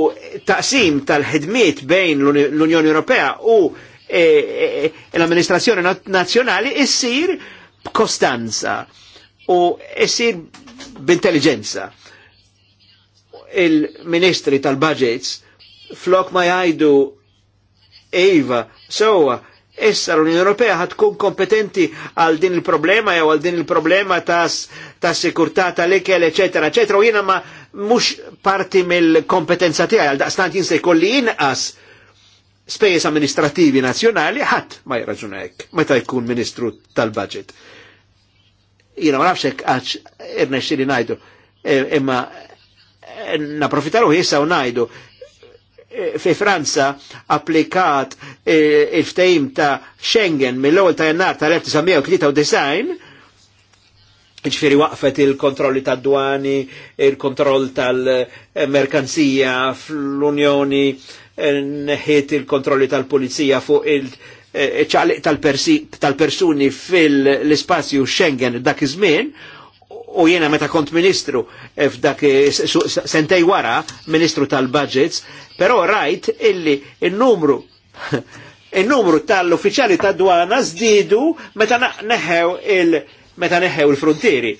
taqsim tal-ħidmiet bejn l-Unjoni Ewropea u eh, eh, l-amministrazzjoni nazzjonali issir b'kostanza u issir b'intelligenza. Il-ministri tal-budgets flok ma jajdu Eva, sowa, issa l-Unjoni Ewropea ħad tkun kompetenti għal din il-problema jew għal din il-problema ta' sikurtà tal-ikel, eċetera, eċetera, u jiena ma mhux parti mill-kompetenza tiegħi għal daqstant jien se jkolli inqas spejjeż amministrativi nazzjonali ħadd ma jirraġuna hekk meta jkun Ministru tal-Budget jina ma nafxek għax irna li najdu, e, imma e, naprofitaru jessa u najdu e, fi Franza applikat il-ftejim ta' Schengen mill-ewwel ta' jannar tal-1993 ġifiri waqfet il-kontrolli ta' dwani, il-kontroll tal-merkanzija fl-Unjoni, neħiet il-kontrolli tal-Polizija fuq il- Eh, ċaliq tal-persuni fil-spazju Schengen dak iż-żmien u jiena meta kont ministru eh, f'dak eh, sentej wara ministru tal-budgets, però rajt illi il-numru il-numru tal-uffiċjali tad dwana zdidu meta neħew il- meta neħew il-frontieri.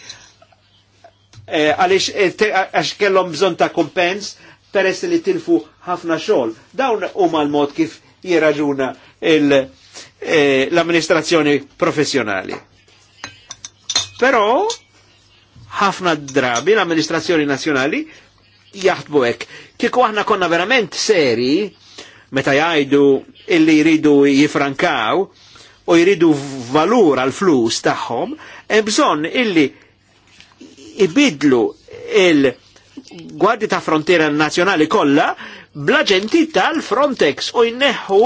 Għaliex għax kellhom bżonn ta' kompens peress li tilfu ħafna xogħol. Dawn huma l-mod kif jiraġuna il- eh, l-amministrazzjoni professjonali. Però ħafna drabi l-amministrazzjoni nazjonali jaħdbu hekk. Kieku aħna konna verament seri meta jgħidu illi jridu jifrankaw u jridu valur għal flus tagħhom, hemm bżonn illi ibidlu il gwardi ta' frontiera nazjonali kollha blaġenti tal-Frontex u jneħħu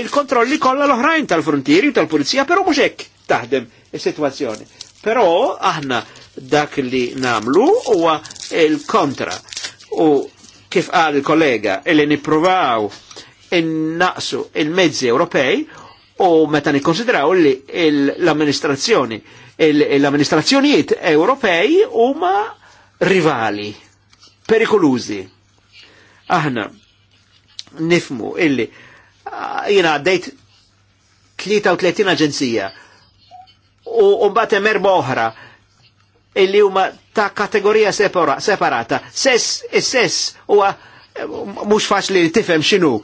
il-kontrolli kollha l-oħrajn tal-frontieri u tal-pulizija, però mhux hekk taħdem is-sitwazzjoni. Però aħna dak li namlu huwa il-kontra. U kif qal il-kollega li nippruvaw innaqsu il-mezzi Ewropej u meta nikkonsidraw li l-amministrazzjoni l-amministrazzjonijiet Ewropej huma rivali, perikolużi. Aħna nifmu illi ah, jina għaddejt 33 aġenzija u mbate merba oħra illi huma ta' kategorija separata. Sess sess huwa eh, mhux faċli li tifem x'inhu.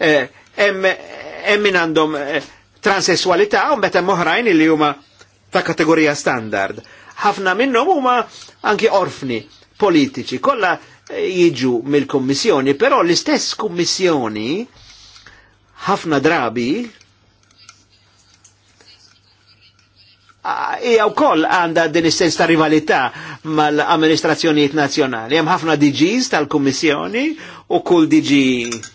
Eh, Emmin għandhom eh, transessualità u mbagħad moħrajn illi huma ta' kategorija standard. Ħafna minnom huma anki orfni politiċi, Kolla jiġu mill-Kommissjoni, però l-istess Kommissjoni ħafna drabi hija wkoll għandha din istess ta' rivalità mal-amministrazzjonijiet nazzjonali. Hemm ħafna DGs tal-Kummissjoni u kull DG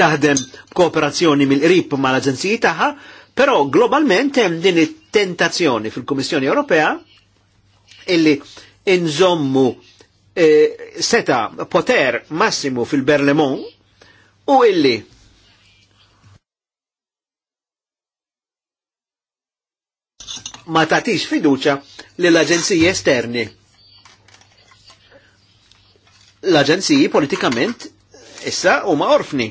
taħdem kooperazzjoni mill-qrib mal-aġenziji tagħha Però globalment hemm din it-tentazzjoni fil-Kummissjoni Ewropea illi inżommu eh, seta poter massimu fil-Berlemont u illi ma tatix fiduċa l aġenziji esterni. L-aġenziji politikament issa huma orfni.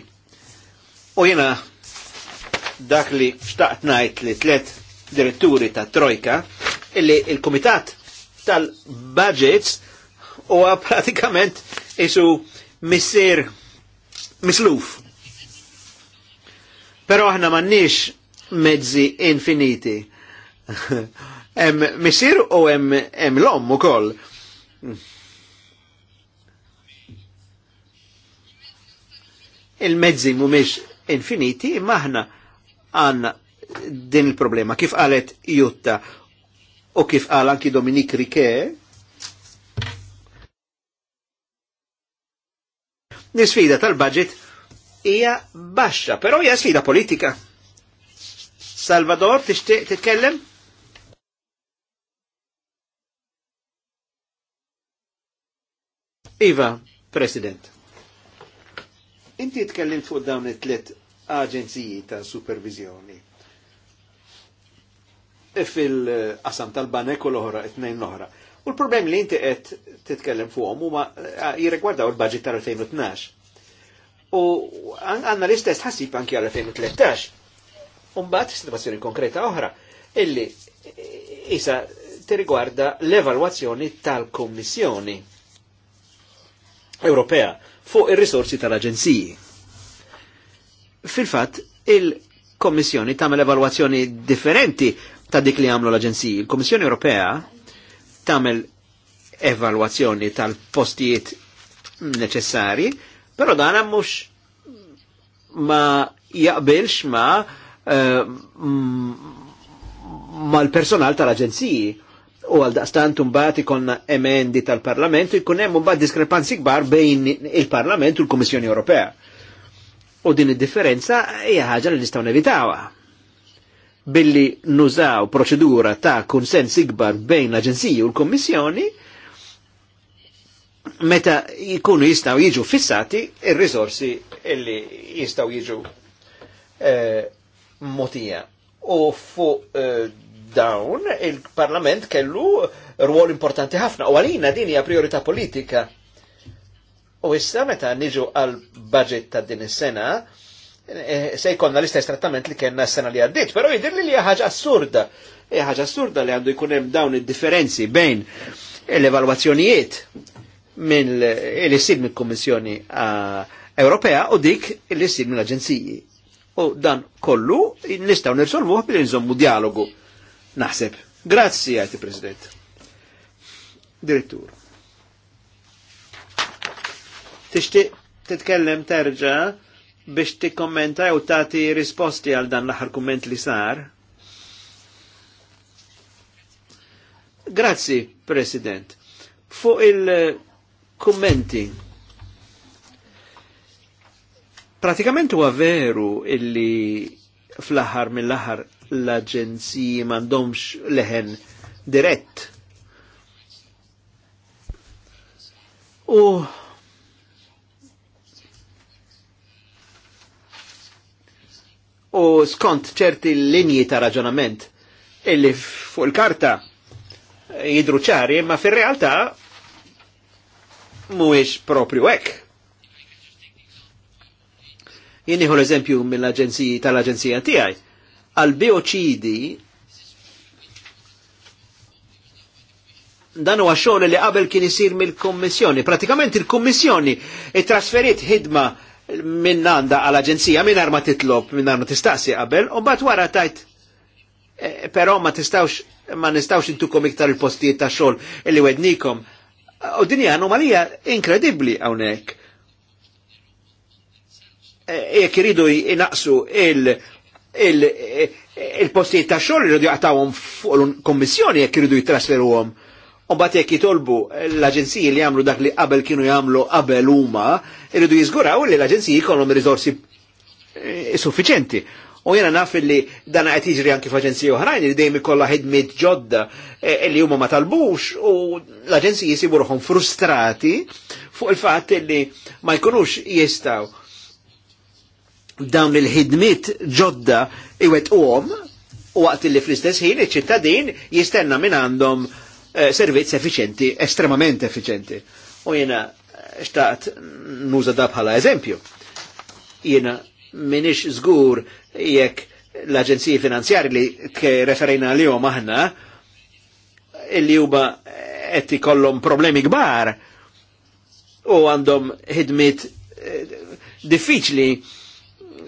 U jena dak li xtaqt najt li tlet diretturi ta' Trojka, illi il-Komitat tal-Budgets huwa pratikament isu missir misluf. Pero aħna mannix mezzi infiniti. em missir u em, em l-om u koll. Il-mezzi mumiex infiniti, imma aħna għanna din il-problema. Kif qalet Jutta u kif qal anki Dominik Rike, nisfida tal-budget hija baxxa, però hija sfida politika. Salvador, tixtieq titkellem? Iva, President. Inti tkellim fuq dawn it-tlet aġenziji ta' supervizjoni. E fil-qasam tal-banek u l-oħra, it l-oħra. U l-problem li inti qed titkellem fuqhom huma eh, jirregwardaw il-budget tal-2012. U għanna l-istess ħassib anki għal 2013. Umbat situazzjoni konkreta oħra, illi eh, isa tirigwarda l-evalwazzjoni tal-Kommissjoni Ewropea fuq ir-risorsi tal-Aġenziji fil-fatt il-Kommissjoni tagħmel evalwazzjoni differenti ta' dik li għamlu l-Aġenziji. Il-Kommissjoni Ewropea tagħmel evalwazzjoni tal-postijiet neċessari, però dan mhux ma jaqbilx ma uh, mal-personal tal-aġenziji. U għal daqstant mbagħad ikonna emendi tal-Parlament u jkun hemm mbagħad diskrepanzi kbar bejn il-Parlament u l-Kummissjoni Ewropea. U din id-differenza hija ħaġa li nistgħu nevitawha. Billi nużaw proċedura ta' kunsens ikbar bejn l-Aġenziji u l-Kommissjoni meta jkunu jistgħu jiġu fissati ir risorsi illi jistgħu jiġu eh, motija. U fuq eh, dawn il-Parlament kellu rwol importanti ħafna. U għalina din hija priorità politika U issa meta niġu għal budget ta' din is-sena, eh, se jkollna l-istess trattament li kellna s-sena li għaddiet, però jidir li hija ħaġa assurda. Hija ħaġa assurda li għandu jkun hemm dawn id-differenzi bejn l-evalwazzjonijiet minn li ssib mill-Kummissjoni eh, Ewropea u dik li ssib mill-Aġenziji. U dan kollu nistgħu nirsolvuh billi nżommu dialogu. Naħseb. Grazzi għajti, President. Direttur tixtieq titkellem terġa' biex tikkommenta u tagħti risposti għal dan l-aħħar kumment li sar. Grazzi, President. Fuq il-kummenti. Pratikament huwa veru illi fl-aħħar mill-aħħar l-aġenziji m'għandhomx leħen dirett. U u skont ċerti linji ta' raġunament illi fuq il-karta jidru ċari, ma fir realtà mhuwiex propju hekk. Jien l-eżempju mill-aġenziji tal-aġenzija tiegħi. Għal bioċidi dan huwa xogħol li qabel kien isir mill-Kummissjoni. Pratikament il-Kummissjoni it-trasferiet ħidma minn għanda għal-Aġenzija minn ma titlob, minn arma tistaxi qabel, u bat wara tajt. E, Però ma tistawx ma nistawx intukom iktar il-postijiet ta' xogħol illi wednikom. U din hija anomalija inkredibbli hawnhekk. E, jekk e, iridu jinaqsu il- il-postijiet ta' xogħol iridu jaqtawhom fuq l-kommissjoni jekk iridu jitrasferuhom U bat jek jitolbu l-aġenziji li jamlu dak li qabel kienu jamlu qabel huma, irridu jizguraw li l-aġenziji jkollhom risorsi eh, suffiċenti. U jena naf li dan qed jiġri anki f'aġenziji oħrajn li dejjem ikollha ħidmiet ġodda eh, li huma ma talbux u l-aġenziji jsibu ruħhom frustrati fuq il-fatt li ma jkunux jistgħu dawn il-ħidmiet ġodda iwet u waqt li fl-istess ħin iċ-ċittadin jistenna minn għandhom Eh, servizz efficienti, estremament efficienti. U jena eh, xtaqt nuża da bħala eżempju. Jena minix zgur jekk l-Aġenziji Finanzjari li t-referina li jom aħna illi juba eh, qed kollom problemi gbar u għandhom hidmit diffiċli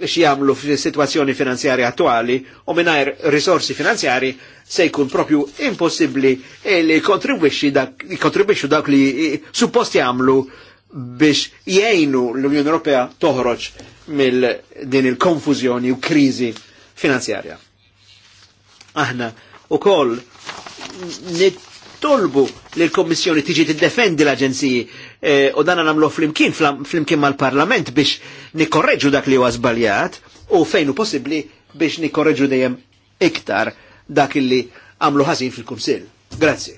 fi situazzjoni finanzjari attuali u minnajr risorsi finanzjari se jkun propju impossibli e li kontribwixxu dak, li suppost jagħmlu biex jgħinu l-Unjoni Ewropea toħroġ mill din il-konfużjoni u kriżi finanzjarja. Aħna u koll nittolbu li l komissjoni tiġi tiddefendi l-Aġenziji Eh, u dan namlu flimkien flimkien mal-parlament biex nikorreġu dak li huwa żbaljat u fejn hu possibbli biex nikorreġu dejjem iktar dak li għamlu ħażin fil-Kunsill. Grazzi.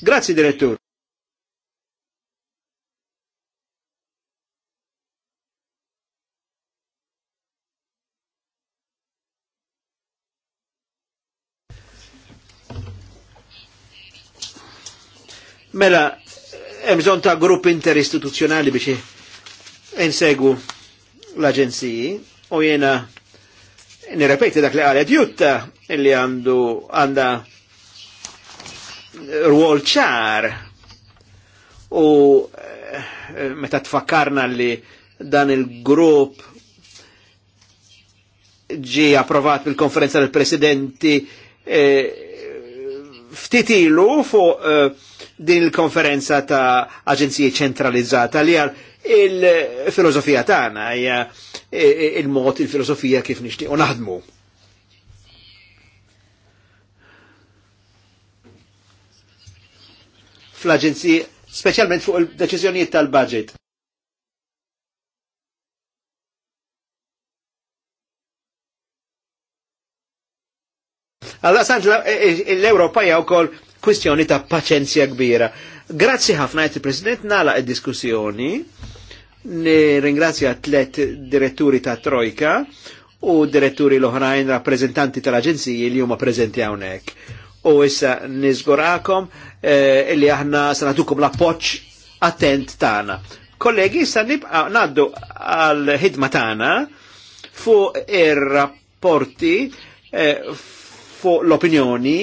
Grazzi direttur. Mela, emżon ta' grupp interistituzjonali biex insegu l-aġenziji u jena nirrepeti dak li għalet jutta illi għandu għanda rwol ċar u eh, meta tfakkarna li dan il-grupp ġi approvat bil-konferenza del presidenti eh, ftit ilu fuq eh, din il-konferenza ta' aġenzija ċentralizzata li għal il-filosofija tagħna hija eh, il-mod il-filosofija kif nixtiequ naħdmu. fl aġenzija speċjalment fuq il-deċiżjonijiet tal-budget. Alla sant e- e- e l-Europa hija wkoll kwistjoni ta' paċenzja kbira. Grazzi ħafna għajt il-President nala id-diskussjoni. Ringrazzja tlet diretturi ta' Trojka u diretturi l-oħrajn rappresentanti tal-aġenziji li huma prezenti hawnhekk. U issa nizgurakom eh, li aħna sanatukum l-appoċ attent tagħna. Kollegi, issa ah, nibqa naddu għal-ħidma tagħna fuq ir-rapporti er eh, fuq l-opinjoni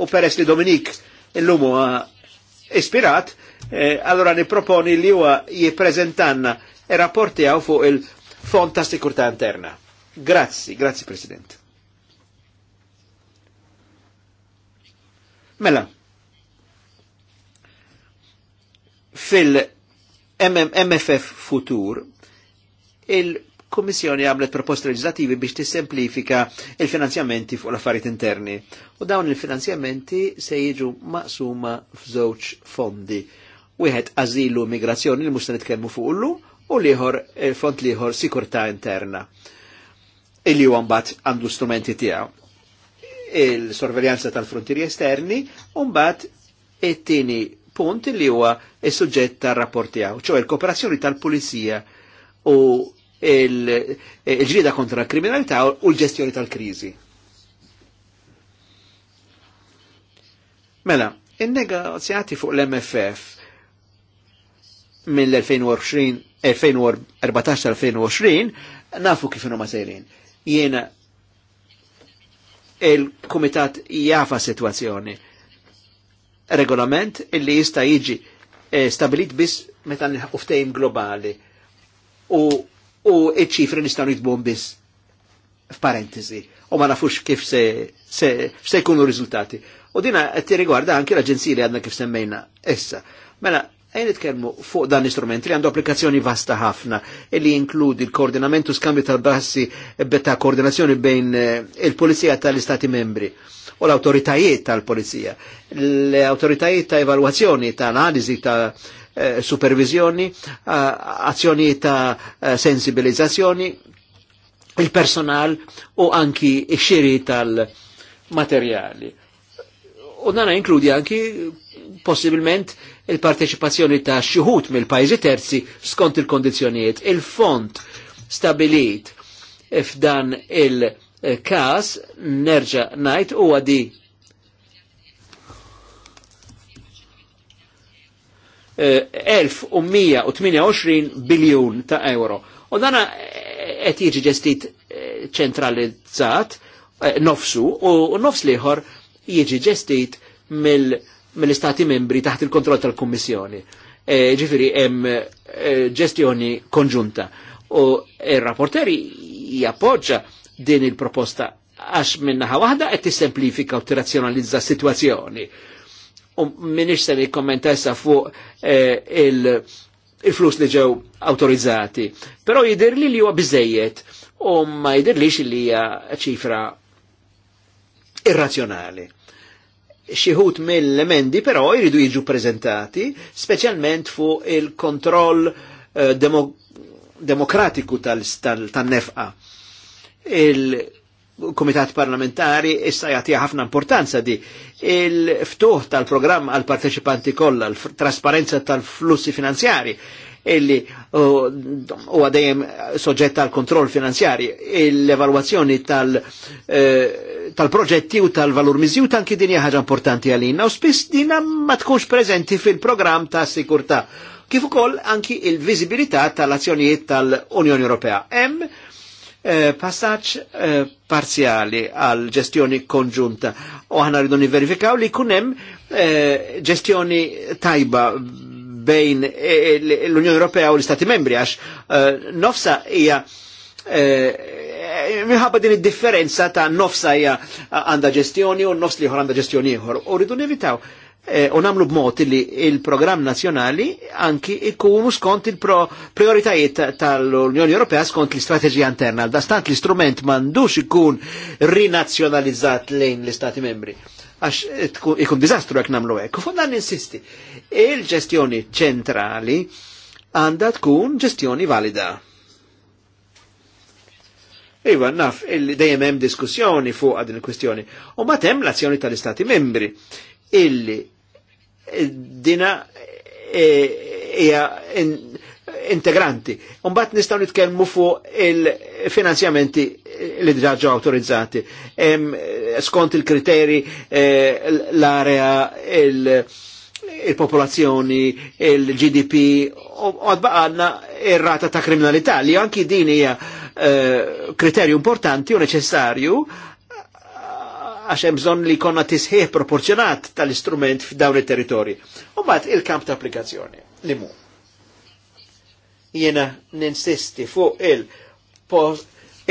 u peress li Dominik l illum huwa ispirat, eh, allora niproponi li huwa jippreżentanna e rapporti għaw fuq il-Fond ta' Sikurtà Interna. Grazzi, grazzi President. Mela, fil-MFF futur, il Kommissjoni kummissjoni għamlet proposti legislativi biex tissemplifika il-finanzjamenti fuq l-affarijiet interni. U dawn il-finanzjamenti se jiġu maqsuma f'żewġ fondi. Wieħed azilu migrazzjoni li mhux se nitkellmu fuq ullu u liħor il-fond liħor sikurtà interna. Illi huwa mbagħad għandu strumenti tiegħu. Il-sorveljanza tal-frontieri esterni u mbagħad it-tieni punt li huwa is-suġġett tar-rapport tiegħu, ċoe l-kooperazzjoni tal-pulizija u il-ġrida kontra l-kriminalità u l-ġestjoni tal-krizi. Mela, il-negozjati fuq l-MFF mill-2014-2020 nafu kif ma sejrin. Jiena il-Kumitat jafa situazzjoni. Regolament illi jista jiġi stabilit biss meta nħuftejn globali. U u iċ-ċifri nistgħu nitbhom biss f'parentesi u ma nafux kif se, se, se jkunu riżultati. U dina qed rigwarda anke l-aġenziji li għadna kif semmejna issa. Mela, għajn nitkellmu fuq dan l-istrument li għandu applikazzjoni vasta ħafna li jinkludi il koordinamentu skambju tal-bassi betta koordinazzjoni bejn eh, il-Polizija tal-Istati membri u l-autoritajiet tal-Polizija. L-autoritajiet tal tal-analizi, tal, analizi, ta' Eh, supervizjoni, eh, azzjoni ta' eh, sensibilizzazzjoni, il-personal u anki xiri tal-materjali. U nana inkludi anki possibilment il-parteċipazzjoni ta' xuhut mill-pajzi terzi skont il-kondizjonijiet. Il-font stabilit f'dan il-kas nerġa najt u għadi 1128 eh, biljun ta' euro. U dana eh, qed jiġi ġestit eh, ċentralizzat nofsu u nofs liħor jiġi ġestit mill-istati membri taħt il-kontroll tal-Kummissjoni. Ġifiri, hemm ġestjoni konġunta. U il-rapporteri jappoġġa din il-proposta għax minnaħa waħda qed tissemplifika u tirazzjonalizza s situazzjoni u minix se jikkommentessa fuq eh, il-flus li ġew autorizzati. Però jidir li li huwa biżejjed u ma jidirlix li hija ċifra irrazzjonali xieħut mill-emendi però jridu jiġu prezentati, specialment fuq il-kontroll eh, demo demokratiku tal-nefqa. Tal il komitat parlamentari issa jagħtiha ħafna importanza di il-ftuħ tal-programm għal parteċipanti kollha, l-trasparenza tal-flussi finanzjari illi u għadajem soġġetta għal kontroll finanzjari, l-evaluazzjoni eh, tal-proġetti u tal-valur mizju tanki dinja ħaġa importanti għalina u spiss dina ma tkunx prezenti fil-programm ta' sikurta. Kif ukoll anki il-viżibilità tal-azzjonijiet tal-Unjoni Ewropea. Hemm Eh, passaċ eh, parzjali għal ġestjoni konġunta u ħana rridu niverifikaw li kunem eh, ġestjoni tajba bejn eh, l-Unjoni Ewropea u l-Istati Membri għax nofsa hija Miħabba din id-differenza ta' nofsa hija għandha ġestjoni u nofs liħor għanda ġestjoni ieħor. U rridu nevitaw eh, u namlu b'mod li il-programm nazjonali anki ikunu skont il-prioritajiet tal-Unjoni Ewropea skont l-istrateġija interna. stant l-istrument mandux ikun rinazzjonalizzat lejn l-Istati membri għax eh, ikun dizastru għek namlu għek. U insisti, il-ġestjoni ċentrali għandha tkun ġestjoni valida. Iva, naf, dejjem hemm diskussjoni fuq għad il-kwistjoni. U matem l-azzjoni tal-Istati membri illi dina hija e, integranti. Umbat nistaw nitkellmu fuq il-finanzjamenti li ġaġu autorizzati. Skont il-kriteri eh, l-area, il-popolazzjoni, il kriteri l area il popolazzjoni il il gdp għadbaqanna il rata ta' kriminalità li anki din hija e, kriterju importanti u neċessarju għax hemm bżonn li jkollna tisħiħ proporzjonat tal-istrument f'dawn it-territorji. U mbagħad il-kamp ta' applikazzjoni li mu. Jiena ninsisti fuq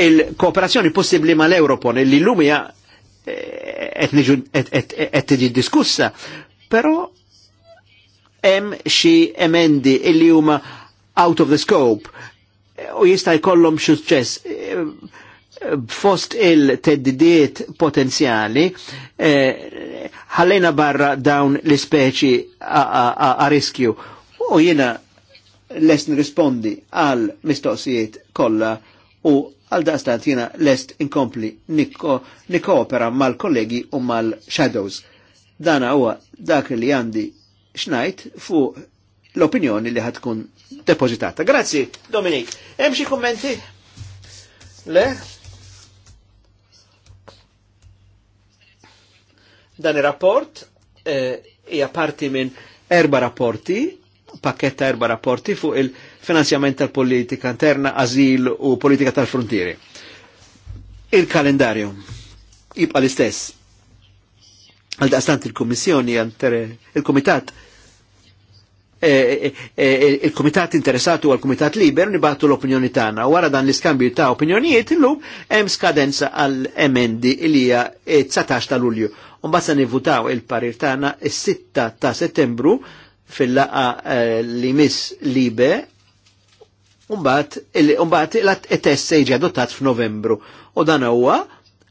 il kooperazzjoni possibbli mal-Europol li l-lumija eh, qed tiġi diskussa, però hemm xi emendi illi huma out of the scope eh, u jista' jkollhom suċċess eh, fost il-teddidiet potenzjali eh, ħallejna eh, barra dawn l-ispeċi a riskju u jina lest nirrispondi għal mistoqsijiet kollha u għal daqstant jina lest inkompli nikopera mal-kollegi u mal-shadows. Dana huwa dak li għandi xnajt fuq l-opinjoni li ħatkun depozitata. Grazzi, Dominik. Hemm xi kummenti? Le? Dan ir-rapport eh, hija e, parti minn erba rapporti, pakketta erba rapporti fuq il-finanzjament tal-politika interna, azil u politika tal-frontieri. Il-kalendarju jibqa l-istess. Għal daqstant il-Kommissjoni, il-Komitat, eh, eh, il-Komitat interessatu għal Komitat Liber nibatu l-opinjoni tagħna. Wara dan l-iskambju ta' opinjonijiet illum hemm skadenza għal emendi li hija 19 ta' Lulju un mbagħad se nivvutaw il-parir tagħna is-6 ta' Settembru fil-laqa eh, li miss libe un umbat il-test sejġi adottat f'Novembru. U dan huwa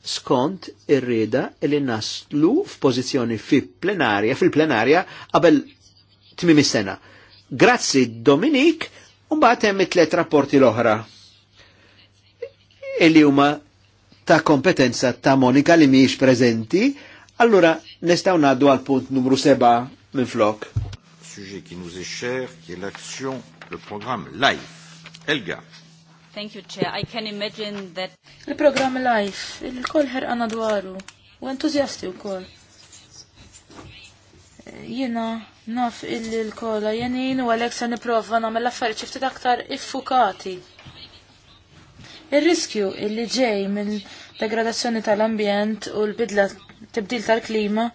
skont ir-rieda li naslu f'pożizzjoni fi plenarja, fil-plenarja qabel tmim is-sena. Grazzi Dominik, umbat hemm it-tlet rapporti l-oħra. Illi huma ta' kompetenza ta' Monika li mhijiex preżenti, Allora, nistaw naddu għal punt numru 7 minn flok. Sujet ki nous est cher, l est l'action, le programme LIFE. Elga. Thank you, Chair. I can imagine that... Il-programm LIFE, il-kol ħerqana dwaru, u entuzjasti u kol. Jena, naf illi l-kola jenin u għalek sa niprofa namel affarijiet ftit aktar iffukati. Ir-riskju illi ġej minn degradazzjoni tal-ambjent u l-bidla tibdil tal-klima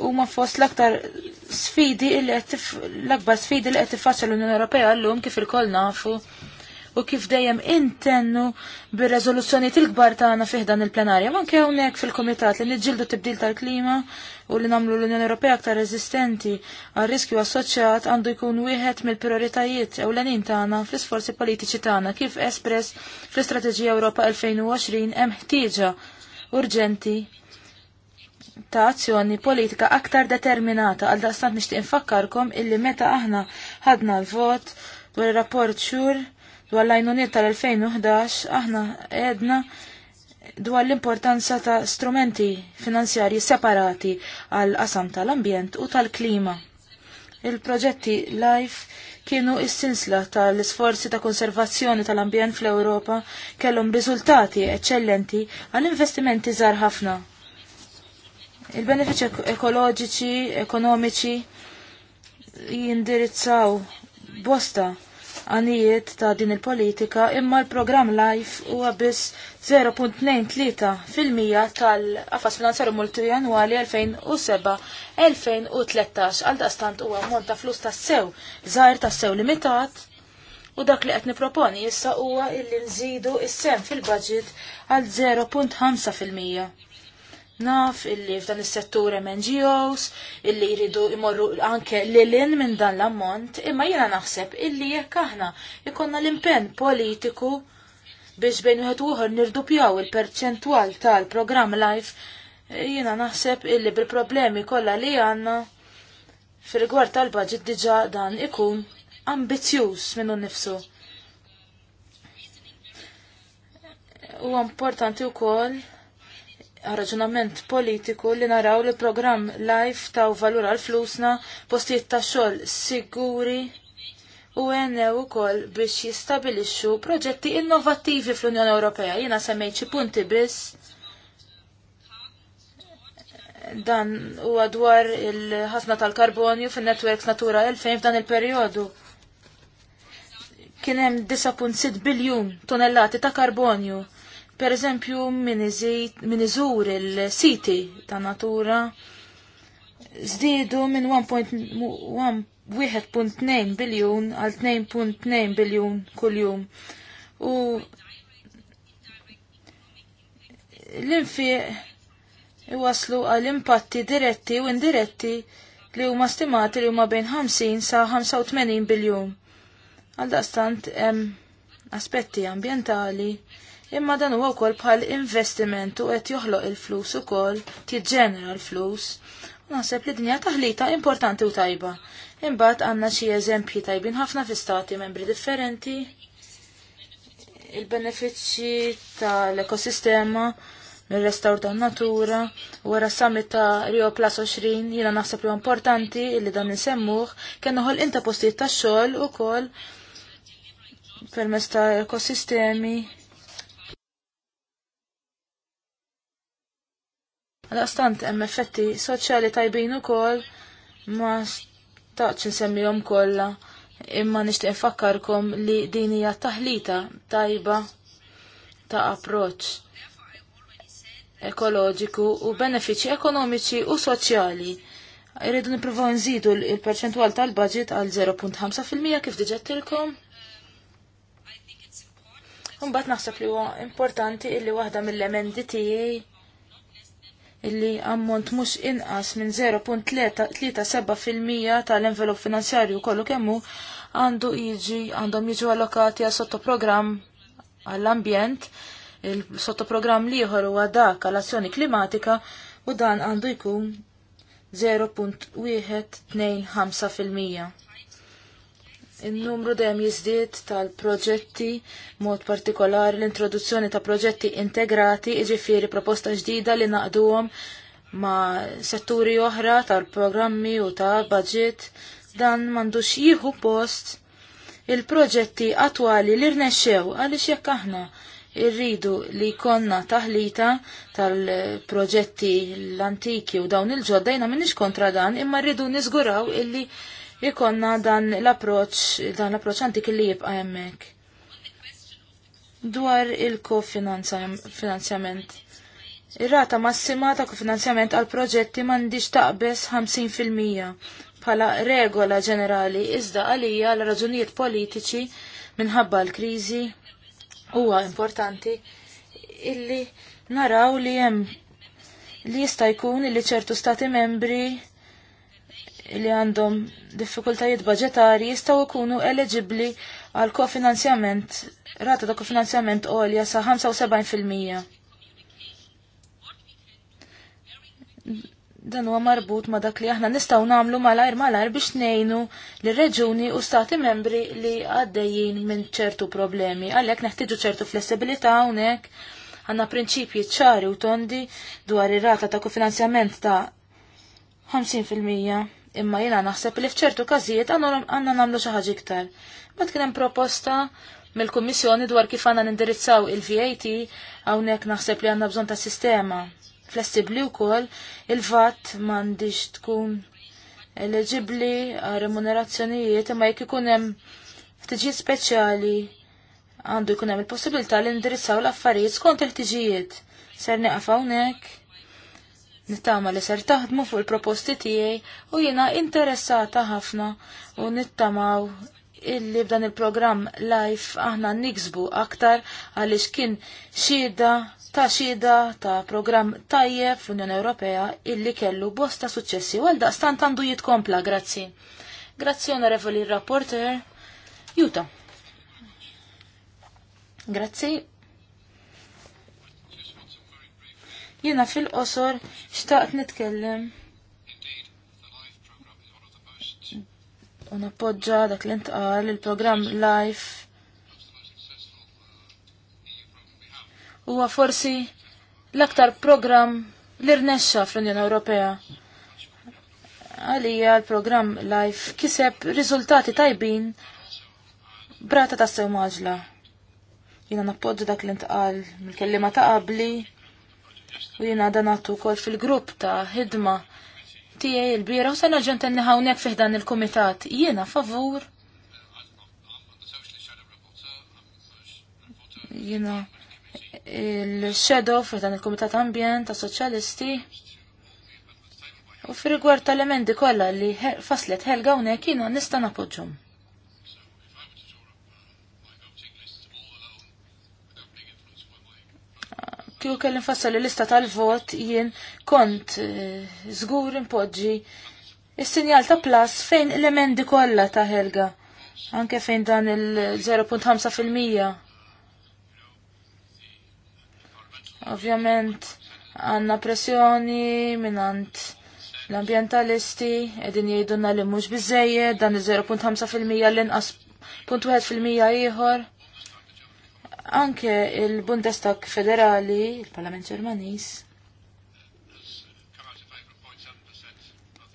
huma fost l-aktar sfidi l-akbar sfidi li qed tiffaċċja l-Unjoni Ewropea llum kif ilkoll nafu u kif dejjem intennu bir-reżoluzzjonijiet il-kbar tagħna fih dan il-plenarja. Manke hawnhekk fil-Kumitat li niġġieldu tibdil tal-klima u li nagħmlu l-Unjoni Ewropea aktar reżistenti għal riskju assoċjat għandu jkun wieħed mill-prioritajiet ewlenin tagħna fl-isforzi politiċi tagħna kif espress fl-Istrateġija Ewropa 2020 hemm ħtieġa urġenti ta' azzjoni politika aktar determinata għal daqstant nixtieq infakkarkom illi meta aħna ħadna l-vot dwar ir-rapport xur dwar l-għajnuniet tal-2011 aħna edna dwar l-importanza ta' strumenti finanzjarji separati għal qasam tal-ambjent u tal-klima. Il-proġetti LIFE kienu is-sinsla tal-isforzi ta' konservazzjoni tal-ambjent fl-Ewropa kellhom riżultati eċċellenti għal investimenti żgħar ħafna. Il-benefiċi ekoloġiċi, ekonomiċi jindirizzaw bosta għanijiet ta' din il-politika imma l-program life huwa biss 0.23 fil-mija tal-qafas finanzjarju multijanwali 2007-2013 għal daqstant huwa ammont ta' flus ta' sew zaħir ta' sew limitat u dak li qed niproponi issa huwa li nżidu is-sem fil-budget għal 0.5 fil-mija Naf illi f'dan is-settur hemm NGOs illi jridu imorru anke lilin minn dan l-ammont, imma jiena naħseb illi jekk aħna ikonna l-impenn politiku biex bejn wieħed uħor nirdupjaw il-perċentwal tal-programm life jiena naħseb illi bil-problemi kollha li għandna fil-rigward tal-budget diġà dan ikun ambizzjuż minnu nnifsu. huwa importanti wkoll raġunament politiku li naraw li program live ta' valur għal flusna postijiet ta' xogħol siguri u għennew ukoll biex jistabilixxu proġetti innovattivi fl-Unjoni Ewropea. Jiena semmejt xi punti biss dan u għadwar il-ħasna tal-karbonju fin-netwerks Natura 2000 f'dan il-perjodu kien hemm 9.6 biljun tonellati ta' karbonju Per eżempju, min iżur il-siti ta' natura zdiedu minn 1.9 biljun għal 2.9 biljun kuljum. U l-infiq waslu għal impatti diretti u indiretti li huma stimati li huma bejn 50 sa 85 biljun. Għal daqstant aspetti ambientali imma dan huwa wkoll bħal investiment u qed joħloq il-flus ukoll tiġġenera l-flus. Naħseb li dinja taħlita importanti u tajba. Imbagħad għandna xi eżempji tajbin ħafna fi stati membri differenti. Il-benefiċċji tal-ekosistema mir-restawr tan-natura wara summit ta' Rio Plus 20 jiena naħseb li importanti li dan insemmuh kien noħol inta postijiet tax-xogħol ukoll permezz ta' ekosistemi Għal-astant hemm effetti soċjali tajbin ukoll ma nsemmi jom kollha imma nixtieq infakkarkom li din hija taħlita tajba ta' approċċ ekoloġiku u benefiċi ekonomiċi u soċjali. Irridu nippruvaw nżidu il-perċentwal tal-budget għal 0.5% kif diġettilkom. bat naħseb li huwa importanti illi waħda mill-emendi tiegħi illi ammont mhux inqas minn 0.37% tal-envelop finanzjarju kollu kemmu għandu iġi għandhom jiġu allokati għal sottoprogramm għall-ambjent, il-sottoprogramm liħor huwa dak għall-azzjoni klimatika u dan għandu jkun 0.125%. Il-numru dejjem jiżdied tal-proġetti mod partikolari l-introduzzjoni ta' proġetti integrati, jiġifieri proposta ġdida li naqduhom ma' setturi oħra tal-programmi u ta' budget dan m'għandux jieħu post il-proġetti attwali li rnexxew għaliex jekk aħna irridu li konna taħlita tal-proġetti l-antiki u dawn il-ġoddajna minnix kontra dan imma rridu niżguraw illi ikonna dan l-approċ, dan l-approċ għanti kelli jibqa' hemmhekk. Dwar il-kofinanzjament. Ir-rata massima ta' kofinanzjament għal proġetti m'għandix taqbes 50% bħala regola ġenerali iżda għalija l raġunijiet politiċi minħabba l-kriżi huwa importanti illi naraw li hemm li jista' jkun li ċertu stati membri li għandhom diffikultajiet budgetari jistaw ikunu eligibli għal kofinanzjament, rata ta' kofinanzjament għolja sa' 75%. Dan huwa marbut ma' dak li aħna nistaw namlu malajr malajr biex nejnu li reġuni u stati membri li għaddejjin minn ċertu problemi. Għalhekk neħtieġu ċertu flessibilità hawnhekk għandna prinċipji ċari u tondi dwar ir-rata ta' kofinanzjament ta' 50% imma jena naħseb li fċertu każijiet għandna nagħmlu xi ħaġa iktar. Ma kien hemm proposta mill-Kummissjoni dwar kif għanna nindirizzaw il-VAT hawnhekk naħseb li għandna bżonn ta' sistema. Flessibbli wkoll il-VAT m'għandix tkun eleġibbli għal remunerazzjonijiet imma jekk ikun hemm ftiġijiet speċjali għandu jkun hemm il-possibilità li nindirizzaw l-affarijiet skont il ftiġijiet Ser neqaf hawnhekk Nittama li ser taħdmu fuq il-proposti tiegħi u jiena interessata ħafna u nittamaw illi b'dan il-programm live aħna niksbu aktar għaliex kien xieda ta' xieda ta' programm tajjeb fl-Unjoni Ewropea illi kellu bosta suċċessi għal daqstant għandu jitkompla, grazzi. Grazzi onorevoli rapporter. Juta. Grazzi. Jiena fil-qosor xtaqt nitkellem. U nappoġġa dak li ntqal il-programm Life. Huwa forsi l-aktar programm li rnexxa fl-Unjoni Ewropea għalija l-program LIFE kiseb riżultati tajbin brata ta' sew maġla. Jina nappoġġa dak li intqal mill-kellima ta' qabli U jina dan għattu kol fil-grupp ta' hidma tijaj il-bira u sena ġon tenni hawnek fiħdan il-komitat. Jina favur. Jina il-shadow fiħdan il-komitat ambjent ta' soċjalisti. U fil rigward tal-emendi kolla li faslet Helga unek jina nista napoġum kju kelli nfassal l-lista tal-vot jien kont eh, żgur impoġġi is-sinjal ta' plus fejn l-emendi kollha ta' Helga. Anke fejn dan il-0.5%. Ovvjament għanna pressjoni minant l-ambientalisti edin jgħidunna li mhux biżejjed dan il-0.5% l-inqas punt wieħed fil-mija ieħor Anke il-Bundestag Federali, il-Parlament Ġermanis,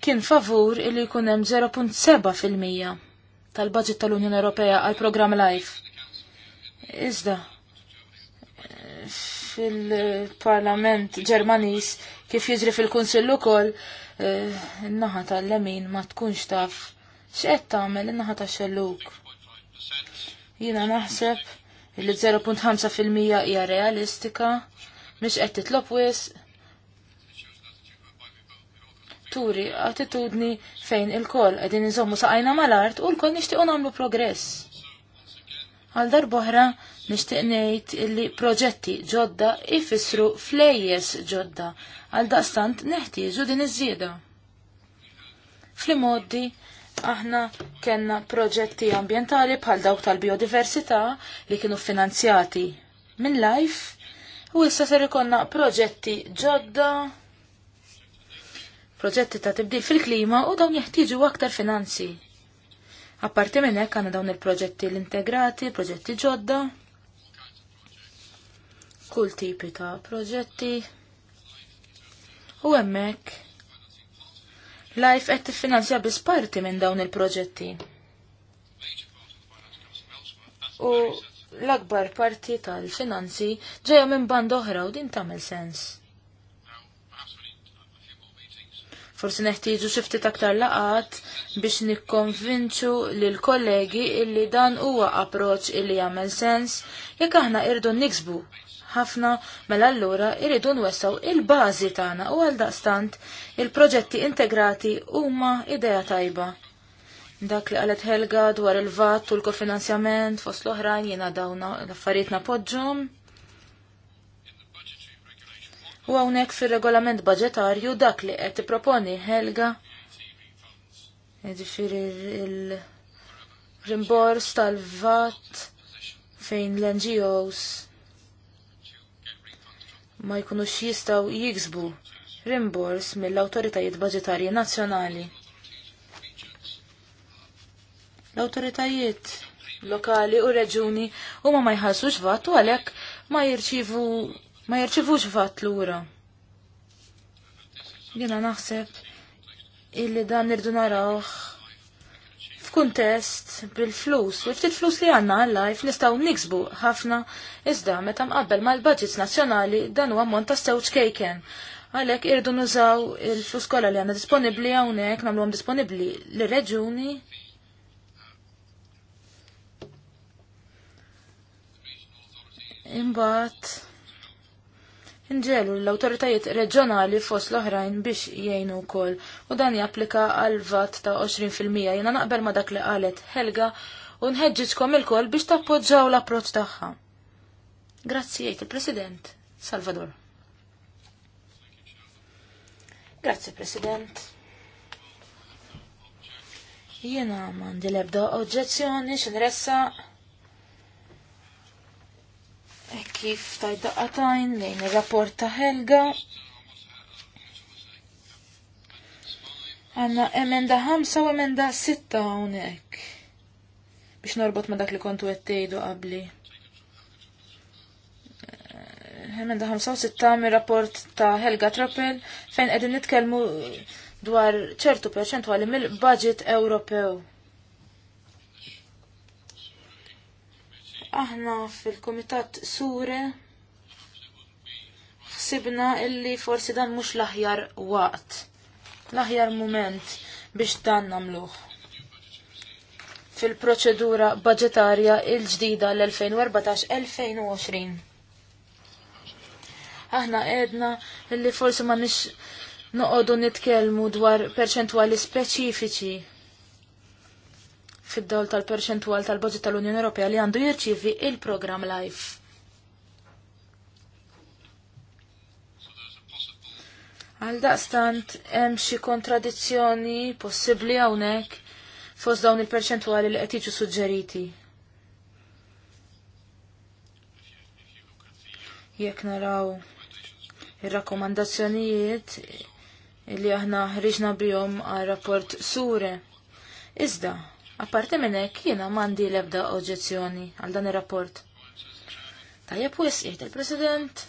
kien favur li jkun hemm 0.7% tal-budget tal-Unjoni Ewropea għal programm Life. Iżda, fil-Parlament Ġermanis kif jiġri fil-Kunsill ukoll eh, in-naħa tal-lemin ma tkunx taf x'qed tagħmel in-naħa tax-xelluk. Jiena naħseb li 0.5% hija realistika, mhix qed titlob wis. Turi attitudni fejn il-koll qegħdin iżommu saqajna mal-art u l-koll nixtiequ nagħmlu progress. Għal darboħra nixtieq ngħid illi proġetti ġodda jfissru flejjes ġodda għal daqstant neħtieġu din iż-żieda. F'li modi aħna kenna proġetti ambientali bħal dawk tal-biodiversità li kienu finanzjati minn life u issa ser ikonna proġetti ġodda proġetti ta' tibdil fil-klima u dawn jeħtieġu aktar finanzi. Apparti minn hekk għandna dawn il-proġetti l-integrati, proġetti ġodda, kull tipi ta' proġetti u hemmhekk Life qed tiffinanzja biss parti minn dawn il-proġetti. U l-akbar parti tal-finanzi ġejja minn band oħra u din tagħmel sens. Forsi neħtieġu xi ftit aktar laqat biex nikkonvinċu lil kollegi illi dan huwa approċċ illi jagħmel sens jekk aħna irdu niksbu ħafna mela allura irridu nwessaw il-bażi tagħna u għal daqstant il-proġetti integrati huma idea tajba. Dak li qalet Helga dwar il-vat u l-kofinanzjament fost l-oħrajn jiena dawna l-affarijiet napoġġhom. U hawnhekk fir-regolament baġetarju dak li qed tipproponi Helga Jiġifieri il-rimbors tal-vat fejn l-NGOs ma jkunux jistaw jiksbu rimbors mill-autoritajiet budgetarji nazzjonali. L-autoritajiet lokali u reġuni huma ma jħassux vat u għalhekk ma jirċivu ma jirċivux vat lura. Jiena naħseb illi dan irdu narawh Kuntest bil-flus, u ftit flus li għanna għal-life nistaw niksbu ħafna iżda meta mqabbel mal-budgets nazzjonali dan huwa ammont ta' sewġ kejken. Għalhekk irdu nużaw il-flus kollha li għandna disponibbli hawnhekk nagħmluhom disponibbli l reġuni Imbagħad Inġelu l-autoritajiet reġjonali fost l-oħrajn biex jgħinu wkoll u dan japplika għal vat ta' 20% jiena naqbel ma dak li qalet Helga u nħeġġitkom il-kol biex tappoġġaw l-approċċ tagħha. Grazzi jgħid il-President Salvador. Grazzi President. Jiena mandi l-ebda oġġezzjoni x'inressaq E kif tajdaqqatajn lejn il-rapport ta' Helga. Għanna emenda ħamsa u emenda sitta hawnhekk biex norbot ma dak li kontu għettejdu qabli. Emenda ħamsa u sitta mir rapport ta' Helga Trappel fejn qegħdin nitkellmu dwar ċertu perċentwali mill-budget Ewropew. Aħna fil-Komitat Sure ħsibna illi forsi dan mhux l-aħjar waqt, l-aħjar mument biex dan nagħmluh. Fil-proċedura budgetarja il-ġdida l-2014-2020. Aħna edna illi forsi ma nix noqogħdu nitkellmu dwar perċentwali speċifiċi fid-dawl tal-perċentwal tal-budget tal-Unjoni Ewropea li għandu jirċivi il-programm live. Għal daqstant hemm xi kontradizzjoni possibbli hawnhekk fost dawn il-perċentwali li qed jiġu suġġeriti. Jekk naraw ir-rakkomandazzjonijiet li aħna ħriġna bihom għal rapport sure. Iżda, Apparti minn hekk jiena m'għandi l-ebda oġġezzjoni għal dan ir-rapport. Tajjeb u jgħid il-President.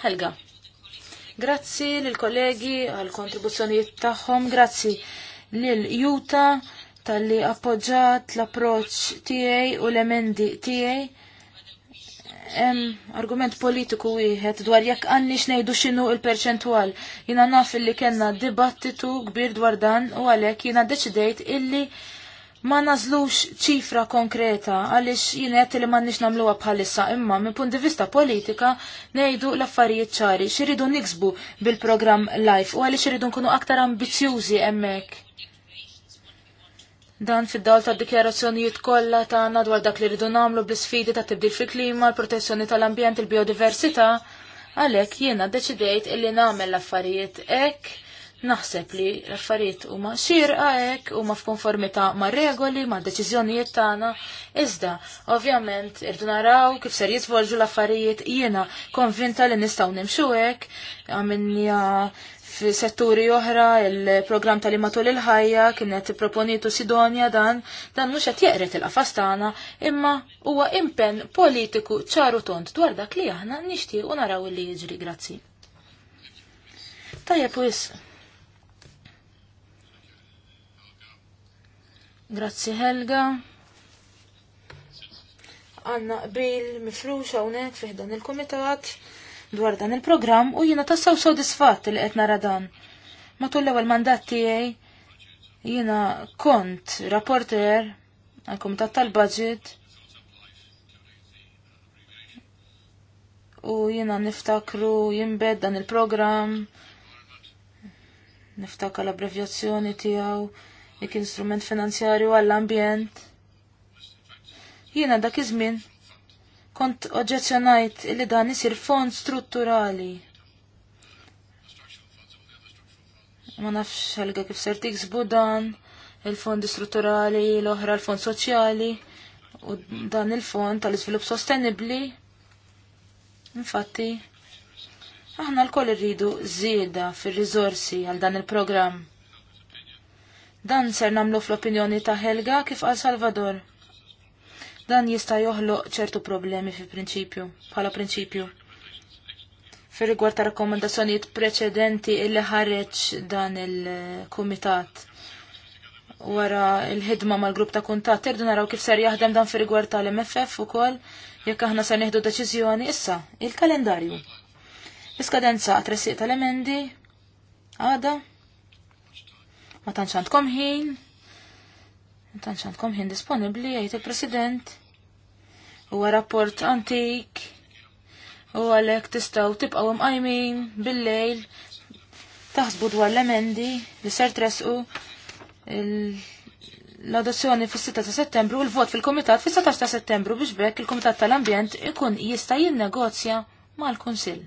Helga. Grazzi lill kollegi għal kontribuzzjonijiet tagħhom, grazzi lil Juta tal-li appoġġat l-approċ tiegħi u l-emendi tiegħi Em, argument politiku wieħed dwar jekk għandix ngħidu x'inhu l-perċentwal. Jiena naf illi kellna dibattitu kbir dwar dan u għalhekk jiena deċidejt illi ma nażlux ċifra konkreta għaliex jien qed li m'għandniex nagħmluha bħalissa imma minn punt di vista politika ngħidu l-affarijiet ċari x'iridu niksbu bil-programm Life u għaliex iridu nkunu aktar ambizzjużi hemmhekk. Dan fid dal ta' dikjarazzjonijiet kollha tagħna dwar dak li rridu nagħmlu bl-isfidi ta' tibdil fil-klima, l-protezzjoni tal-ambjent, il-biodiversità, għalhekk jiena ddeċidejt illi nagħmel l-affarijiet hekk naħseb li l-affarijiet huma xirqa hekk huma f'konformità mar regoli, ma' deċiżjonijiet tagħna. Iżda, ovvjament, irdu naraw kif ser jitvolġu l-affarijiet jiena konvinta li nistgħu nimxu hekk, għamilnija f'setturi oħra, il-programm tal-imatul il-ħajja kienet proponitu Sidonja dan, dan mhux qed jeqret il-qafas tagħna, imma huwa impenn politiku ċaru tont dwar dak li aħna nixtiequ naraw li jiġri grazzi. Tajja wis. Grazzi Helga. Għanna qbil mifruxa hawnhekk fih dan il-kumitat dwar dan il-programm u jiena tassew sodisfat li qed nara dan. Matul l-ewwel mandat tiegħi jiena kont rapporter għal kumitat tal-budget u jiena niftakru jimbed dan il-programm niftakru l-abbrevjazzjoni tiegħu jekk instrument finanzjarju għall-ambjent. Jiena dak iż-żmien kont oġġezzjonajt li dan isir fond strutturali. Ma nafx ħalga kif ser tiksbu dan, il-fondi strutturali, l-oħra l-fond soċjali, u dan il-fond tal-iżvilupp sostenibli. Infatti, aħna l-koll irridu zieda fir rizorsi għal dan il-programm. Dan ser namlu fl-opinjoni ta' Helga kif għal Salvador. Dan jista' joħloq ċertu problemi fi prinċipju, bħala prinċipju. Fir rigward ta' rakkomandazzjonijiet preċedenti illi ħareġ dan il-kumitat wara il-ħidma mal-grupp ta' kuntat, irdu naraw kif ser jaħdem dan fir rigward tal-MFF ukoll jekk aħna se nieħdu deċiżjoni issa, il-kalendarju. Iskadenza tressiq tal-emendi, għada, ma tantx ħin, Tanċ għandkom ħin disponibli għajt il-President. Huwa rapport antik. U għalek tistaw tibqaw imqajmin bil-lejl. Taħsbu dwar l-emendi li ser tresqu l-adozzjoni fis-6 ta' settembru u l-vot fil-Komitat fis-17 ta' settembru biex bekk il-Komitat tal-Ambjent ikun jista' jinnegozja mal-Kunsill.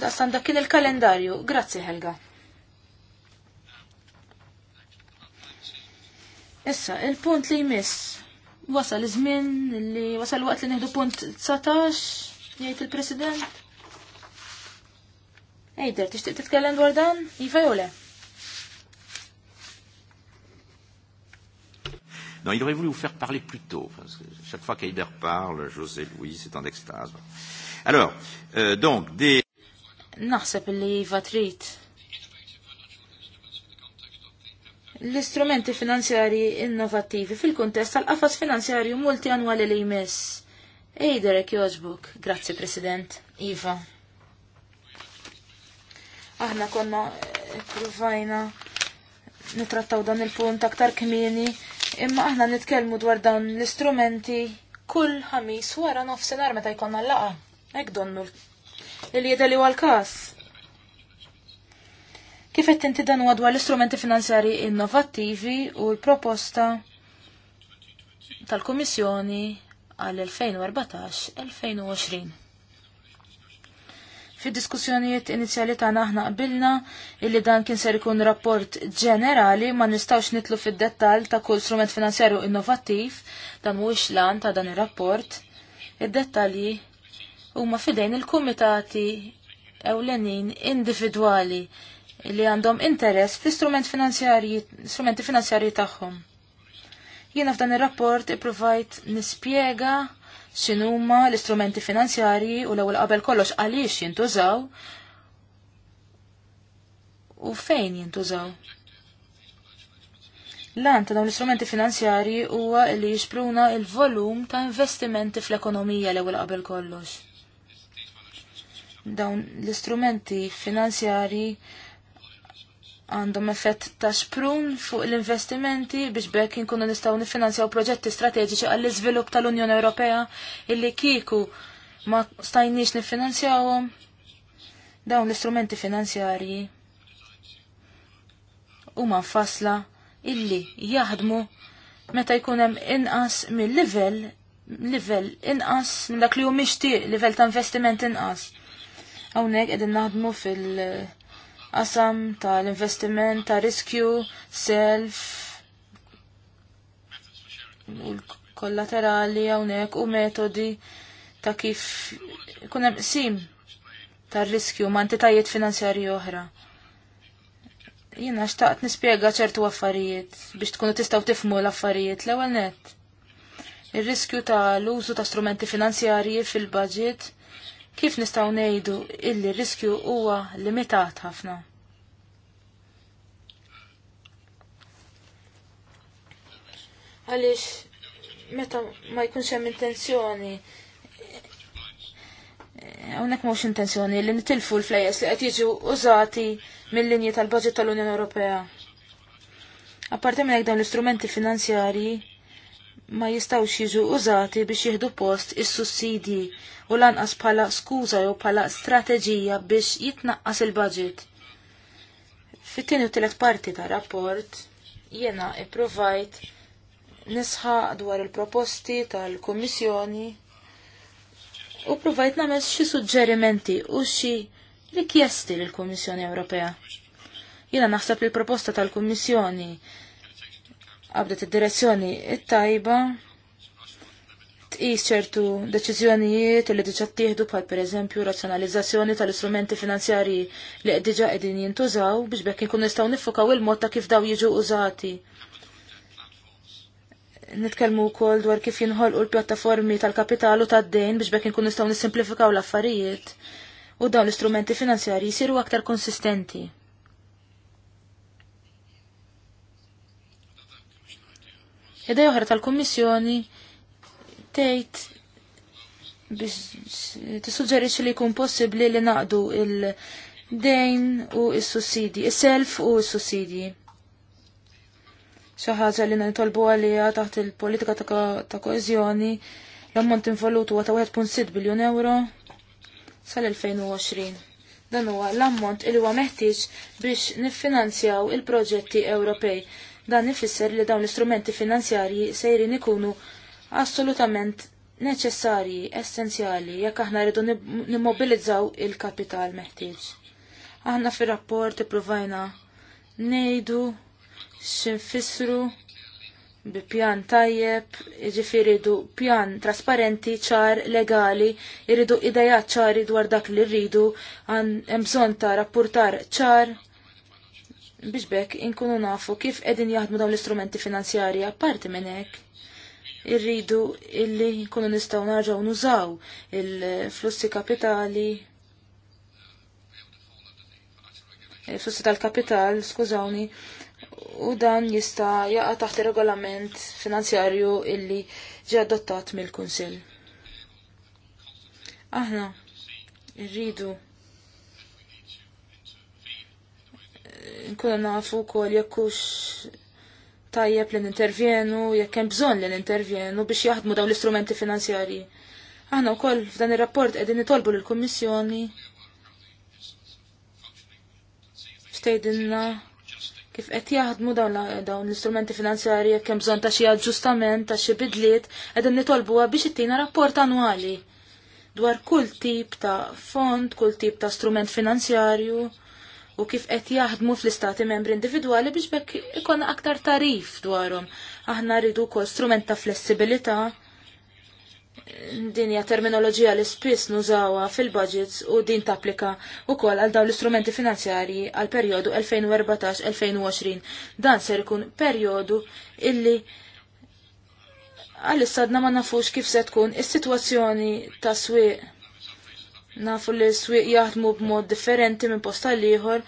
Daqstan dak kien il-kalendarju. Grazzi Helga. Issa, il-punt li jmiss. Wasal iż-żmien li wasal waqt li neħdu punt 19 jgħid il-President. Ejder, tixtieq titkellem dwar dan? Iva jew le? Non, il aurait voulu vous faire parler plus tôt, parce que chaque fois qu'Eider parle, José Louis est en extase. Alors, euh, donc, des... Naħseb li Iva trid l-istrumenti finanzjari innovativi fil-kuntest tal-qafas finanzjarju multianwali li jmiss. Ejderek Jozbuk, grazzi President, Iva. Aħna konna eh, provajna nitrattaw dan il-punt aktar kmini, imma aħna nitkellmu dwar dan l-istrumenti kull ħamis wara nofsinhar meta jkollna laqa. Hekk donnu. Il-jieda li huwa l każ Kif qed inti dan huwa dwar l-istrumenti finanzjari innovattivi u l-proposta tal-Kummissjoni għal-2014-2020. Fid-diskussjonijiet inizjali tagħna aħna qbilna illi dan kien ser ikun rapport ġenerali ma nistgħux nitlu fid-dettall ta' kull strument finanzjarju innovattiv dan mhuwiex lan ta' dan ir-rapport. Id-dettalji huma fidejn il-kumitati ewlenin individwali li għandhom interess fi strument finanzjarji, strumenti finanzjarji tagħhom. Jiena f'dan ir-rapport ippruvajt nispjega x'inhuma l-istrumenti finanzjarji u l-ewwel qabel kollox għaliex jintużaw u fejn jintużaw. Lan ta' dawn l-istrumenti finanzjarji huwa li jispruna il-volum ta' investimenti fl-ekonomija l-ewwel qabel kollox. Dawn l-istrumenti finanzjarji għandhom effett ta' xprun fuq l-investimenti biex bekk inkunu nistgħu nifinanzjaw proġetti strateġiċi għall iżvilupp tal-Unjoni Ewropea illi kieku ma stajniex nifinanzjawhom dawn l-istrumenti finanzjarji huma fasla illi jaħdmu meta jkun hemm inqas mill-livell livell inqas minn dak li hu mixtieq livell ta' investiment inqas. Hawnhekk qegħdin naħdmu fil- qasam tal-investiment, ta' riskju, self, kollaterali hawnhekk u metodi ta' kif ikun hemm sim tar riskju ma' entitajiet finanzjarji oħra. Jiena xtaqt nispjega ċertu affarijiet biex tkunu tistgħu tifmu l-affarijiet l-ewwel nett. Ir-riskju ta' l-użu ta' strumenti finanzjarji fil-budget kif nistgħu ngħidu illi r-riskju huwa limitat ħafna. Għaliex meta ma jkunx hemm intenzjoni hawnhekk mhux intenzjoni li nitilfu l-flejes li qed jiġu użati mill-linji tal-budget tal-Unjoni Ewropea. Apparti minn dawn l-istrumenti finanzjarji ma jistawx jiġu użati biex jieħdu post is-sussidji u lanqas bħala skuża jew bħala strateġija biex jitnaqqas il-budget. Fit-tieni u tielet parti ta' rapport jiena ippruvajt nisħaq dwar il-proposti tal-Kummissjoni u provajt nagħmel xi suġġerimenti u xi rikjesti lill-Kummissjoni Ewropea. Jiena naħseb li l-proposta tal-Kummissjoni qabdet id-direzzjoni it-tajba tqis ċertu deċiżjonijiet li diġa ttieħdu bħal pereżempju razzjonalizzazzjoni tal-istrumenti finanzjarji li qed diġa qegħdin jintużaw biex bekk inkun nistgħu nifukaw il-mod ta' kif daw jiġu użati. Nitkellmu wkoll dwar kif jinħolqu l-pjattaformi tal-kapitalu tad-dejn biex bekk inkun nistgħu nissimplifikaw l-affarijiet u dawn l-istrumenti finanzjarji jsiru aktar konsistenti. Idea oħra tal-Kummissjoni tgħid biex tissuġġerixxi li jkun possibbli li naqdu il-dejn u s-sussidji, is-self u s-sussidji xi ħaġa li nitolbu għaliha taħt il-politika ta' koezjoni l-ammont involutu huwa ta' 1.6 biljun euro sal-2020. Dan huwa l-ammont li huwa meħtieġ biex niffinanzjaw il-proġetti Ewropej. Dan ifisser li dawn l-istrumenti finanzjarji sejrin ikunu assolutament neċessarji, essenzjali, jekk aħna rridu nimmobilizzaw il-kapital meħtieġ. Aħna fir-rapport ippruvajna ngħidu xinfissru bi pjan tajjeb, ġifiri du pjan trasparenti, ċar, legali, irridu idejat ċari dwar dak li rridu, għan emżon ta' rapportar ċar, biex bekk inkunu nafu kif edin jaħdmu dawn l-istrumenti finanzjarja parti minn hekk. Irridu illi nkunu nistgħu narġgħu nużaw il-flussi kapitali il flussi tal-kapital, skużawni, u dan jista' jaqa' taħt regolament finanzjarju illi ġie adottat mill-Kunsill. Aħna rridu nkunu nafu wkoll jekk hux tajjeb li nintervjenu, jekk hemm bżonn li nintervjenu biex jaħdmu dawn l-istrumenti finanzjarji. Aħna wkoll f'dan ir-rapport qegħdin nitolbu lill-Kummissjoni ftejdilna kif qed jaħdmu dawn l-istrumenti finanzjarji jekk hemm bżonn ta' xi aġġustament ta' xi bidliet qegħdin nitolbuha biex ittina rapport annwali dwar kull tip ta' fond, kull tip ta' strument finanzjarju u kif qed jaħdmu fl-istati membri individwali biex bekk ikon aktar tarif dwarhom. Aħna rridu wkoll strument ta' flessibilità din hija terminoloġija li spiss nużawha fil-budgets u din tapplika wkoll għal dawn l-istrumenti finanzjarji għal perjodu 2014-2020. Dan ser ikun perjodu illi għal istadna ma nafux kif se tkun is-sitwazzjoni ta' swieq. Nafu li swieq jaħdmu b'mod differenti minn posta l-ieħor,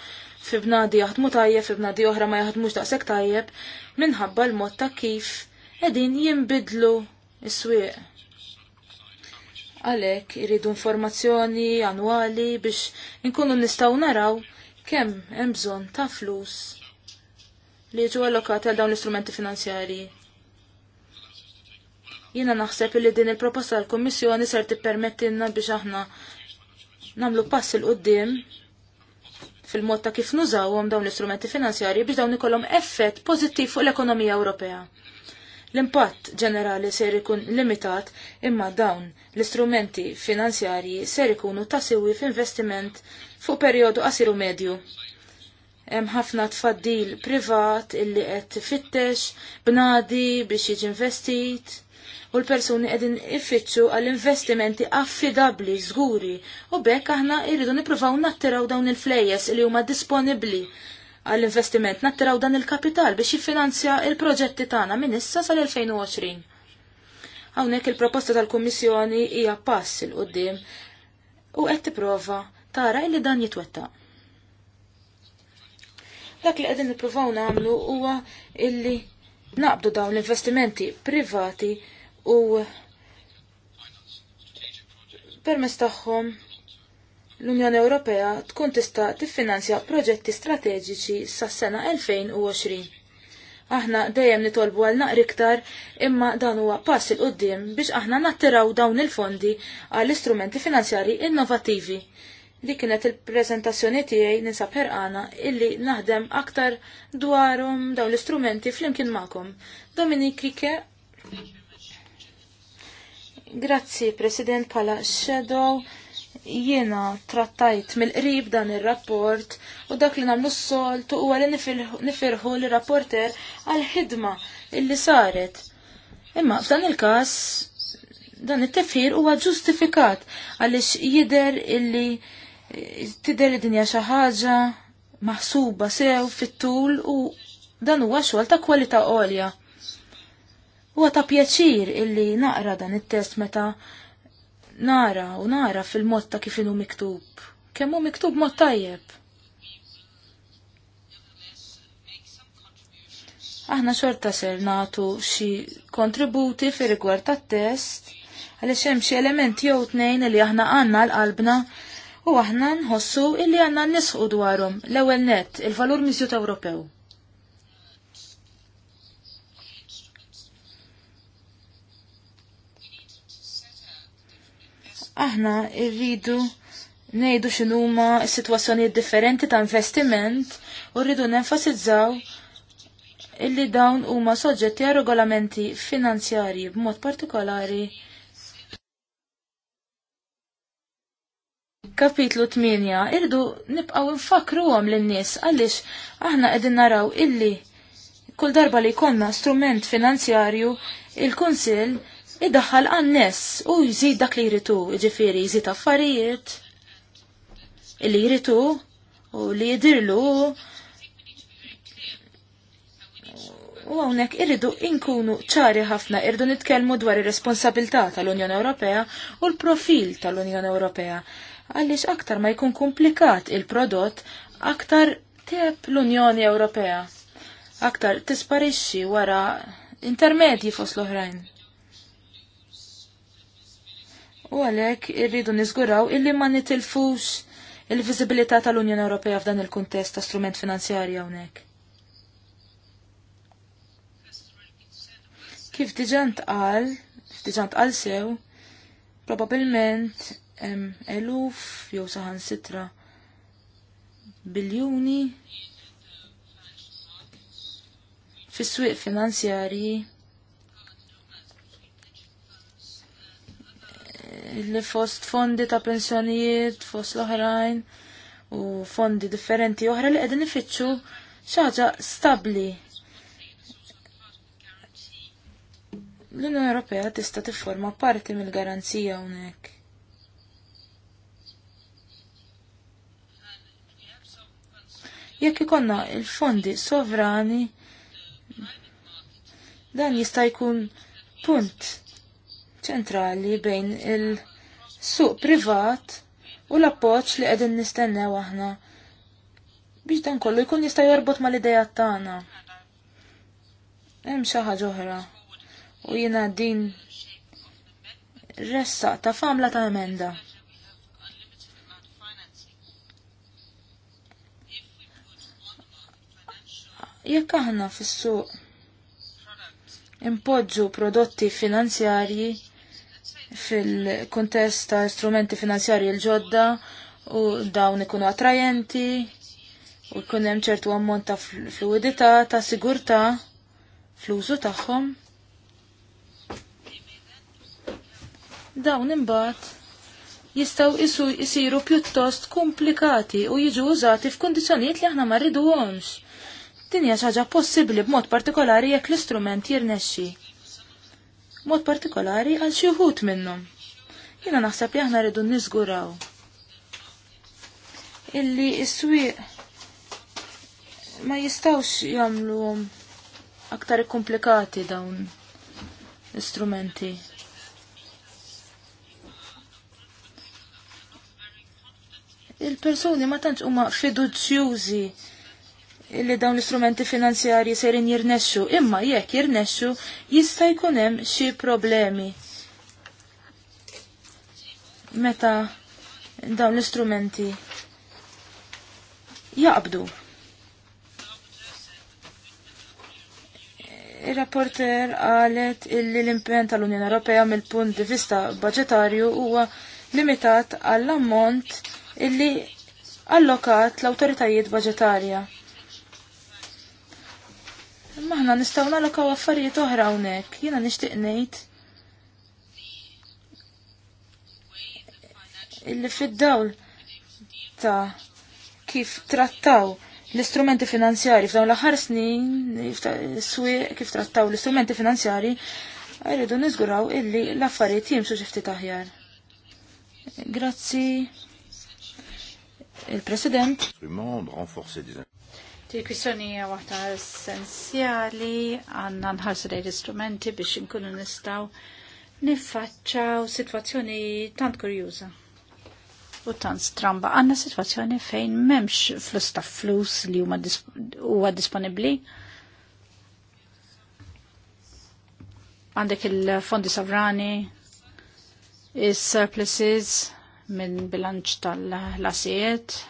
fi bnadi jaħdmu tajjeb, fi bnadi oħra ma jaħdmux daqshekk tajjeb, minħabba l-mod ta' kif qegħdin jinbidlu is-swieq Għalek iridu informazzjoni annwali biex inkunu nistaw naraw kemm hemm bżonn ta' flus li jiġu allokati għal dawn l-istrumenti finanzjarji. Jiena naħseb li din il-proposta l-Kommissjoni ser tippermettilna biex aħna namlu pass il qoddim fil-mod ta' kif nużawhom dawn l-istrumenti finanzjarji biex dawn ikollhom effett pożittiv fuq l-ekonomija Ewropea. L-impatt ġenerali ser ikun limitat imma dawn l-istrumenti finanzjarji ser ikunu tasiwi f'investiment fuq perjodu qasiru medju. Hemm ħafna tfaddil privat illi qed tifittex bnadi biex jiġi investit u l-persuni qegħdin iffittxu għall investimenti affidabbli, żguri u bekk aħna rridu nippruvaw nattiraw dawn il-flejjes li huma disponibbli għall-investiment nattiraw dan il-kapital biex jiffinanzja il-proġetti tagħna minn issa sal-2020. Hawnhekk il-proposta tal-Kummissjoni hija pass il qudiem u qed tipprova tara li dan jitwettaq. Dak li qegħdin nippruvaw nagħmlu huwa illi naqbdu dawn l-investimenti privati u permess tagħhom l-Unjoni Ewropea tkun tista' tiffinanzja proġetti strateġiċi sas-sena 2020. Aħna dejjem nitolbu għal naqri iktar imma dan huwa pass il qudiem biex aħna nattiraw dawn il-fondi għall istrumenti finanzjari innovattivi. Dik kienet il-prezentazzjoni tiegħi ninsab ħerqana illi naħdem aktar dwarhom dawn l-istrumenti flimkien magħkom. Dominik Rike. Grazzi, President Pala Shadow jiena trattajt mill-qrib dan ir-rapport u dak li nagħmlu s-soltu huwa li nifirħu l rapporter għal ħidma illi saret. Imma f'dan il-każ dan it-tifħir huwa ġustifikat għaliex jidher illi eh, tidher id-dinja xi ħaġa maħsuba sew fit-tul u dan huwa xogħol ta' kwalità għolja. Huwa ta' pjaċir illi naqra dan it-test meta nara u nara fil-mod ta' kif inu miktub. Kemm hu miktub mod tajjeb. Aħna xorta ser natu xi kontributi fi rigward tat-test għaliex hemm xi elementi jew tnejn li aħna għandna l-qalbna u aħna nħossu illi għandna nisħu dwarhom l-ewwel net il-valur miżjut Ewropew. aħna rridu nejdu x'inhuma s-sitwazzjonijiet differenti ta' investiment u rridu nenfasizzaw illi dawn huma soġġetti għal regolamenti finanzjarji b'mod partikolari. Kapitlu 8 irdu nibqgħu nfakruhom lin-nies għaliex aħna qegħdin naraw illi kull darba li jkollna strument finanzjarju il-Kunsill idaħħal għannes u jżid dak li jritu, ġifiri jżid affarijiet li jritu u li jidirlu u għawnek irridu inkunu ċari ħafna, irridu nitkelmu dwar ir-responsabilità tal-Unjoni Ewropea u l-profil tal-Unjoni Ewropea. Għaliex aktar ma jkun komplikat il-prodott, aktar tep l-Unjoni Ewropea. Aktar tisparixxi wara intermedji fost l-oħrajn. U għalhekk irridu niżguraw illi ma nitilfux il-viżibilità tal-Unjoni Ewropea f'dan il-kuntest ta' strument finanzjarji hawnhekk. Kif diġà ntqal, diġant ntqal sew, probabbilment hemm eluf jew saħansitra biljuni fis-swieq finanzjarji li fost fondi ta' pensjonijiet, fost l-oħrajn u fondi differenti oħra li qegħdin ifittxu xaġa stabbli. L-Unjoni Ewropea tista' tifforma parti mill-garanzija hawnhekk. Jekk ikonna il-fondi sovrani, dan jista' jkun punt ċentrali bejn il-suq privat u l-appoċ li għedin nistennew aħna biex dan kollu jkun jista' jorbot ma l-ideja tagħna. Hemm xi ħaġa oħra. U jiena din ressaq ta' famla ta' emenda. Jekk aħna fis-suq impoġġu prodotti finanzjarji fil-kontest ta' strumenti finanzjarji l-ġodda u dawn ikunu attrajenti u jkun hemm ċertu ammont ta' fluidità ta' sigurtà fl-użu tagħhom. Dawn imbagħad jistgħu isu jisiru pjuttost komplikati u jiġu użati f'kundizzjonijiet li aħna ma rriduhomx. Din hija xi ħaġa possibbli b'mod partikolari jekk l-istrument jirnexxi mod partikolari għal xi wħud minnhom. Jiena naħseb li aħna rridu niżguraw illi s-swieq ma jistawx jamlu aktar komplikati dawn l-istrumenti. Il-persuni ma tantx huma fiduċjużi Illi dawn l-istrumenti finanzjarji serin jirnexxu, imma jekk jirnexxu jista' jkun hemm xi problemi. Meta dawn l-istrumenti jaqbdu. Ir-rapporter għalet qalet illi l-impen tal-Unjoni Ewropea mill-punt di vista budgetarju huwa limitat għall-ammont illi allokat l-awtoritajiet budgetarja. Maħna nistaw nalokaw affarijiet oħra hawnhekk. Jiena nixtieq ngħid illi fid-dawl ta' kif trattaw l-istrumenti finanzjari f'dawn l-aħħar snin, swieq kif trattaw l-istrumenti finanzjari, rridu niżguraw illi l-affarijiet jimxu xifti taħjar. aħjar. Grazzi. Il-President. Di kwistjoni hija waħda essenzjali għandna nħarsu l istrumenti biex inkunu nistgħu niffaċċaw sitwazzjoni tant kurjuża. U tant stramba għandna sitwazzjoni fejn m'hemmx flus ta' flus li huma huwa disponibbli. Għandek il-fondi sovrani, is-surpluses minn bilanċ tal-lasijiet,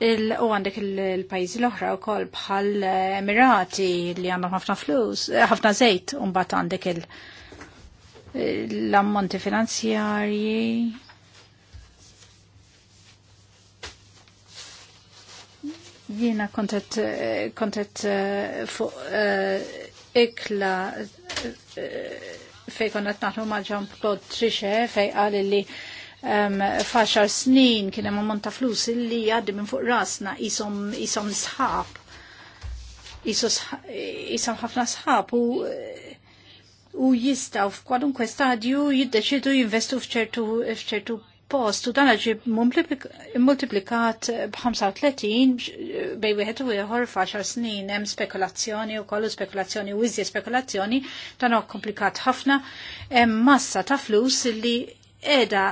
u għandek il-pajzi l-oħra u kol bħal eh, Emirati li għandhom ħafna flus, eh, ħafna zejt, un-bat għandek l-ammonti finanzjarji. Jiena kontet, eh, kontet fuq ikla fej konet naħlu maġan Claude Trixe fej għalli li um, snin kien hemm ammont ta' flus illi għaddi minn fuq rasna isom isom sħab. Isom ħafna sħab u u jistaw f'kwalunkwe stadju jiddeċidu jinvestu f'ċertu f'ċertu post u dan ġib multiplikat b-35 bej wieħed u ieħor f'għaxar snin hemm spekulazzjoni u kollu spekulazzjoni u iżje spekulazzjoni dan komplikat ħafna hemm massa ta' flus li qiegħda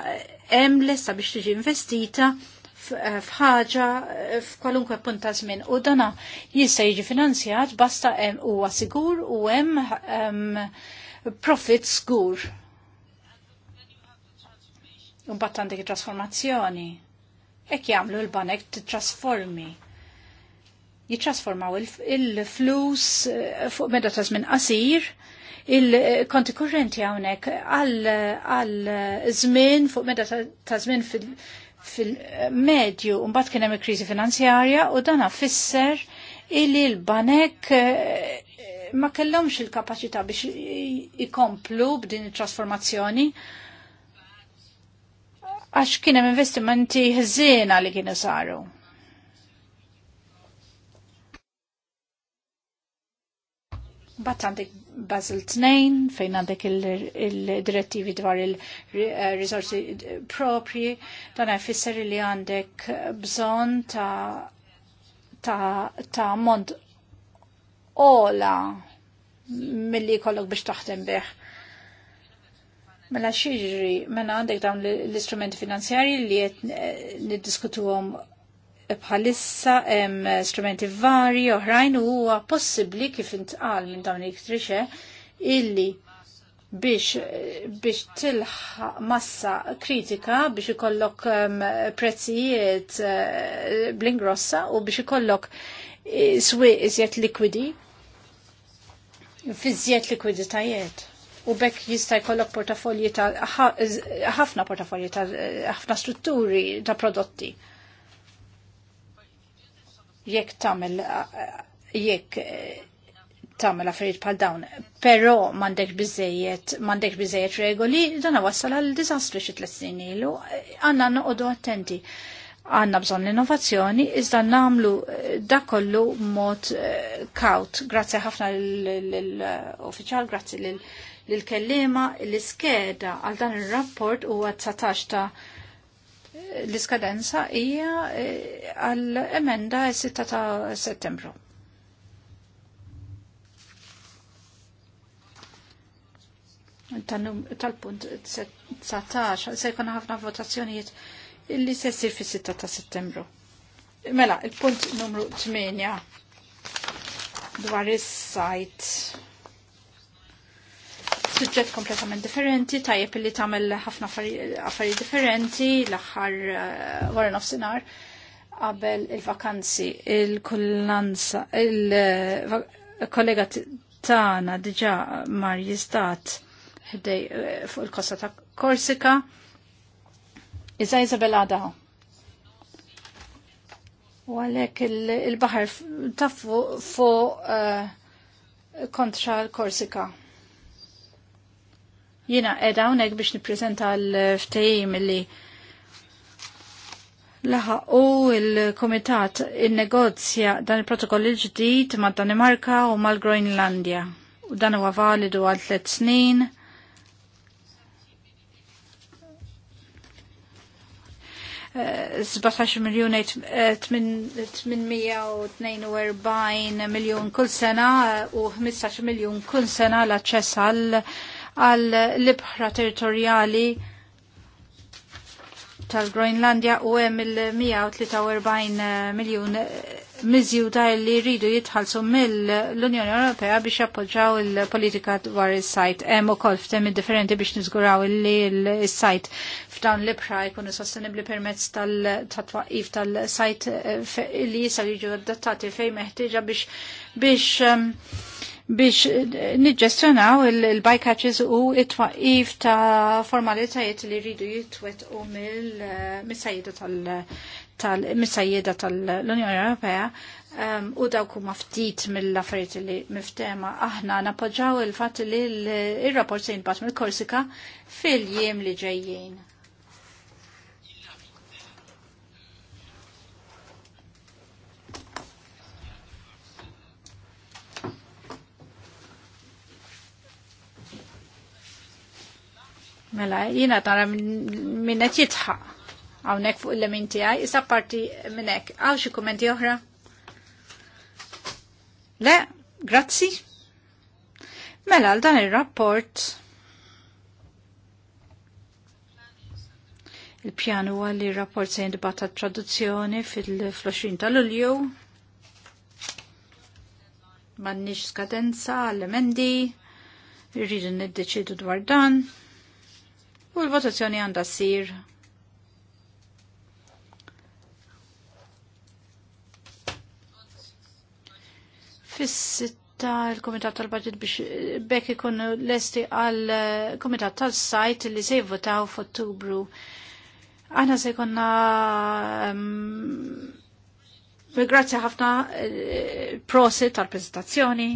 hemm lesta biex tiġi investita eh, f'ħaġa eh, f'kwalunkwe punt ta' żmien u dana jista' jiġi finanzjat basta hemm huwa sigur u hemm profit sgur. U mbagħad għandek trasformazzjoni. Hekk jagħmlu l-banek titrasformi. Jitrasformaw il-flus eh, fuq meda ta' żmien qasir il-konti kurrenti hawnhekk għal żmien fuq meta ta' żmien fil-medju fil mbagħad kien hemm kriżi finanzjarja u dan affisser illi l-banek eh, ma kellhomx il-kapaċità biex ikomplu b'din it-trasformazzjoni għax kien hemm investimenti ħżiena li kienu saru. Bat għandek Basel 2 fejn għandek il-direttivi dwar il-risorsi eh, propri, dan għafisser li għandek bżon ta' ta', ta mont ola mill-li kollok biex taħdem bieħ. Mela xieġri, mela għandek dawn l-istrumenti finanzjari li jett eh, niddiskutu għom bħalissa hemm strumenti vari oħrajn u huwa possibbli kif intqal minn dawn il ktrixe illi biex biex tilħaq massa kritika biex ikollok prezzijiet eh, bl-ingrossa u biex ikollok eh, swieq iżjed likwidi fiżjed likwiditajiet u bekk jista' jkollok portafolji ta' ħafna portafolji ta' ħafna strutturi ta' prodotti jekk tagħmel jekk eh, tagħmel affarijiet bħal dawn, però m'għandek biżejjed m'għandek biżejjed regoli, dan wassal għal diżastru xi tliet snin ilu, għandna noqogħdu attenti. Għandna bżonn l-innovazzjoni, iżda nagħmlu eh, da kollu mod eh, kaut. Grazzi ħafna l-uffiċjal, grazzi lill kellima l-iskeda għal dan ir rapport huwa 19 ta' l-iskadenza hija eh, għall-emenda s-6 ta' settembru. Tal-punt 19 se jkun ħafna votazzjonijiet li se jsir fis-6 ta' settembru. Mela, il-punt numru 8 dwar is-sajt suġġett kompletament differenti, tajjeb li tagħmel ħafna affarijiet differenti l-aħħar uh, wara nofsinhar qabel il-vakanzi il-kullanza il-kollega uh, tagħna diġà mar jistat ħdej uh, fuq il-kosta ta' Korsika. Iżda Isabel daw. U għalhekk il-baħar ta' fuq kontra l-Korsika Jina edha unek biex niprezenta l-ftejim li laħa u il-komitat il-negozja dan il-protokoll il-ġdid ma' Danimarka u mal groenlandja U dan huwa validu għal tliet snin. Uh, eh, 17 miljon 842 eh, miljon kull sena eh, u 15 miljon kull sena l-aċċess għal għal libħra territorjali tal-Groenlandja u hemm il-143 miljun miżjuda li jridu jitħallsu mill-Unjoni Ewropea biex jappoġġaw il-politika dwar is-sajt. Hemm ukoll f'temi differenti biex niżguraw li s-sajt f'dawn l-ibħra jkunu sostenibbli permezz tal-twaqqif tal-sajt li jisal jiġu adattati fejn meħtieġa biex biex um, biex niġġestjonaw il-bycatches u it-twaqif ta' formalitajiet li rridu jitwet u mill-missajjeda eh, tal-missajjeda tal-Unjoni Ewropea u dawk huma ftit mill-affarijiet li miftema aħna napoġġaw il-fatt li l-rapport se jinbat mill-Korsika fil-jiem li ġejjin Mela, jina tara minnet jitħaq għawnek fuq il-lemin għaj, issa parti minnek. Għaw xie kommenti oħra? Le, grazzi. Mela, għal dan il-rapport. Il-pjanu għalli il-rapport se dibata traduzzjoni fil-20 tal-ulju. Mannix skadenza għall-emendi. Irridu niddeċidu dwar dan u l-votazzjoni għandha ssir. Fis-sitta il-Komitat tal-Budget biex bekk ikun lesti għal eh, Komitat tal-Sajt li se jivvotaw f'Ottubru. Aħna se jkollna um, ehm, Grazzi ħafna eh, prosit tal-prezentazzjoni.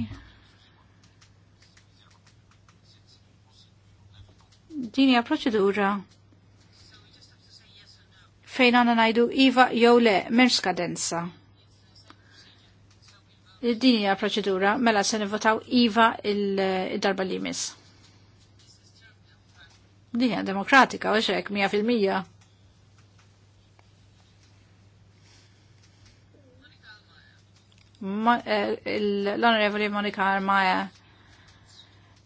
din hija proċedura fejn għanna ngħidu iva jew le m'hemmx skadenza. Din hija proċedura mela se nivvotaw iva il-darba li jmiss. Din hija demokratika u xek fil-mija. Eh, l-Onorevoli Monika Armaja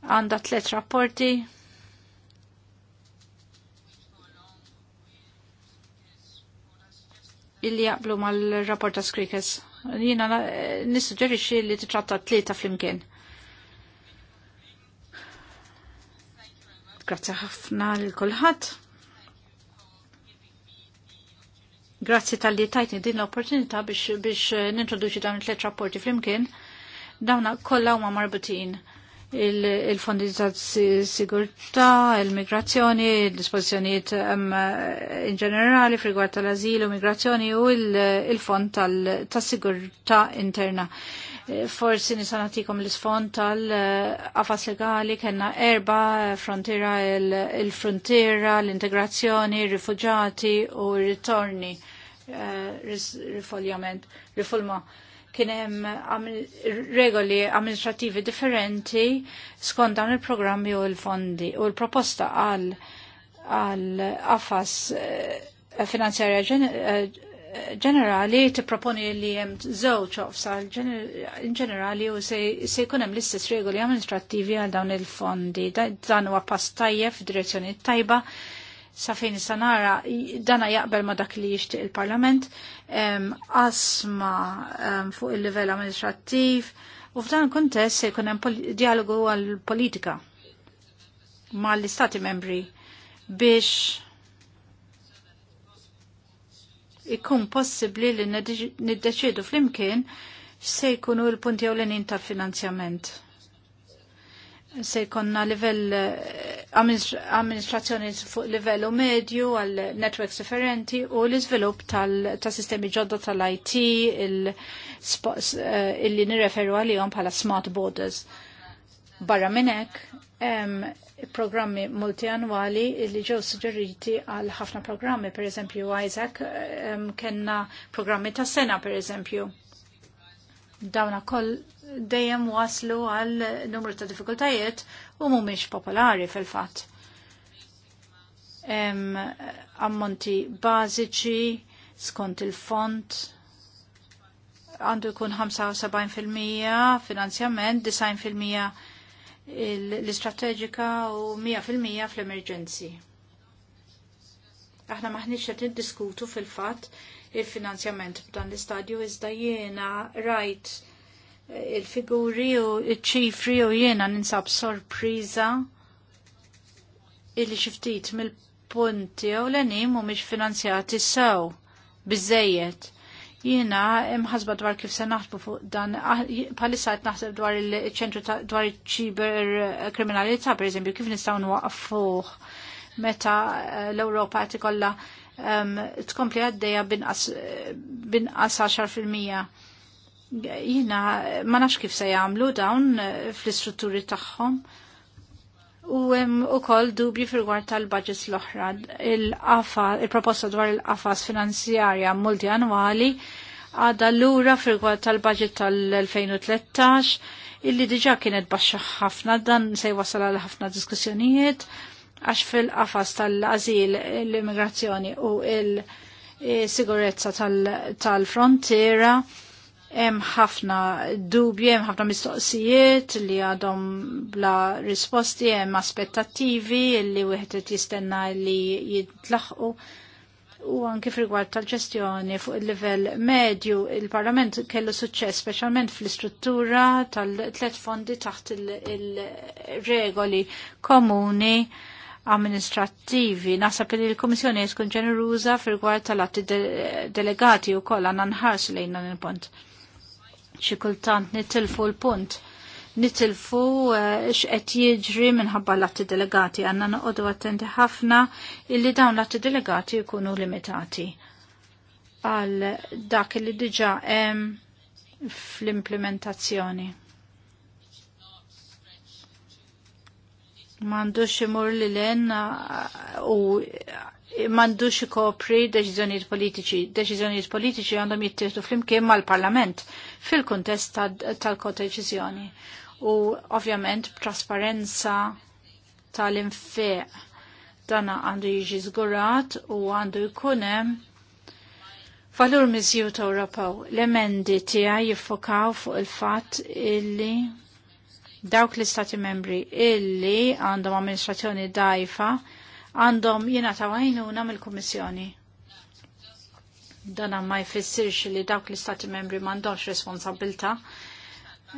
għanda tlet rapporti illi jaqblu mal rapporta Skrikes. Jina nissuġġerixi li titratta tlieta flimkien. Grazzi ħafna l-kulħadd. Grazzi tal-li tajtni din l-opportunità biex, biex nintroduċi dawn it-tliet rapporti flimkien. Dawna kollha huma marbutin il-fondi ta' sigurtà, il-migrazzjoni, il-disposizjoniet in ġenerali frigward tal-azilu, migrazzjoni u il-fond ta' sigurtà interna. Eh, forsi nisanatikom l-sfond tal-afas legali kena erba, frontiera, il-frontiera, l-integrazzjoni, rifugjati u ritorni, eh, rifoljament, rifulma kien hemm regoli amministrativi differenti skont dawn il-programmi u l-fondi u l-proposta għal għal affas eh, finanzjarja eh, ġenerali tipproponi li hemm żewġ ofsa ġenerali u se jkun hemm l-istess regoli amministrattivi għal dawn il-fondi. Dan huwa pass tajjeb f'direzzjoni tajba sa fejn sanara dana jaqbel ma dak li jixtieq il-Parlament asma fuq il-livell amministrattiv u f'dan kontest se jkun hemm dialogu għall-politika mal istati membri biex ikun possibli li niddeċidu flimkien se jkunu l-punti ewlenin tal-finanzjament se jkonna livell eh, amministrazzjoni fuq livellu medju għal networks differenti u l-izvilup tal-sistemi ġodda tal-IT eh, illi nirreferu għalihom bħala smart borders. Barra minnek, programmi multianwali li ġew suġġeriti għal ħafna programmi, per eżempju Isaac, um, eh, kena programmi ta' sena, per eżempju dawna koll dejjem waslu għal numru ta' diffikultajiet u mhumiex popolari fil-fatt. Ammonti bażiċi skont il-font għandu jkun 75% finanzjament, 90% l-istrateġika u 100% fl-emerġenzi. Aħna maħniċ qed diskutu fil-fatt il-finanzjament b'dan l-istadju iżda jiena rajt eh, il-figuri u il-ċifri u jiena ninsab sorpriża illi xiftit mill-punti u l-enim u miex finanzjati sew bizzejiet jiena imħazba dwar kif se naħsbu fuq dan, palissa ah, għet naħseb dwar il-ċentru dwar ċiber kriminalità, per eżempju, kif nistaw nwaqfuħ meta eh, l-Europa għet ikolla tkompli għaddeja binqas 10%. Jina ma nafx kif se jagħmlu dawn eh, fl-istrutturi tagħhom. U hemm ukoll dubji fil-gwar tal-budgets l-oħra. Il-proposta dwar il-qafas finanzjarja għada għadha lura fil-gwar tal-budget tal-2013 illi diġa kienet baxa ħafna dan se wasala għal ħafna diskussjonijiet għax fil-qafas tal-azil l-immigrazzjoni u il-sigurezza tal-frontiera hemm ħafna dubji, hemm ħafna mistoqsijiet li għadhom bla risposti, hemm aspettattivi li wieħed jistenna li jitlaħqu u anki fil tal-ġestjoni fuq il-livell medju, il-Parlament kellu suċċess speċjalment fl-istruttura tal-tlet fondi taħt il-regoli komuni amministrattivi. Nasab li l-Komissjoni tkun ġeneruża fil-gwar tal-atti delegati u koll għanna ħars lejn dan il-punt. Xikultant nitilfu l-punt nitilfu eh, x'qed jiġri minħabba l-atti delegati għandna noqogħdu attenti ħafna illi dawn l-atti delegati jkunu limitati għal dak li diġà hemm fl-implementazzjoni. mandux imur li len uh, u mandux ikopri deċiżjonijiet politiċi. Deċiżjonijiet politiċi għandhom jittieħdu flimkien mal-Parlament fil-kuntest tal-kodeċiżjoni. U ovvjament trasparenza tal-infeq dana għandu jiġi żgurat u għandu jkunem valur miżjut Ewropew. L-emendi tiegħi jiffokaw fuq il-fatt illi dawk l-istati membri illi għandhom amministrazzjoni dajfa għandhom jina ta' għajnuna mill-Kommissjoni. Dana ma jfissirx li dawk l-istati membri mandox responsabilta.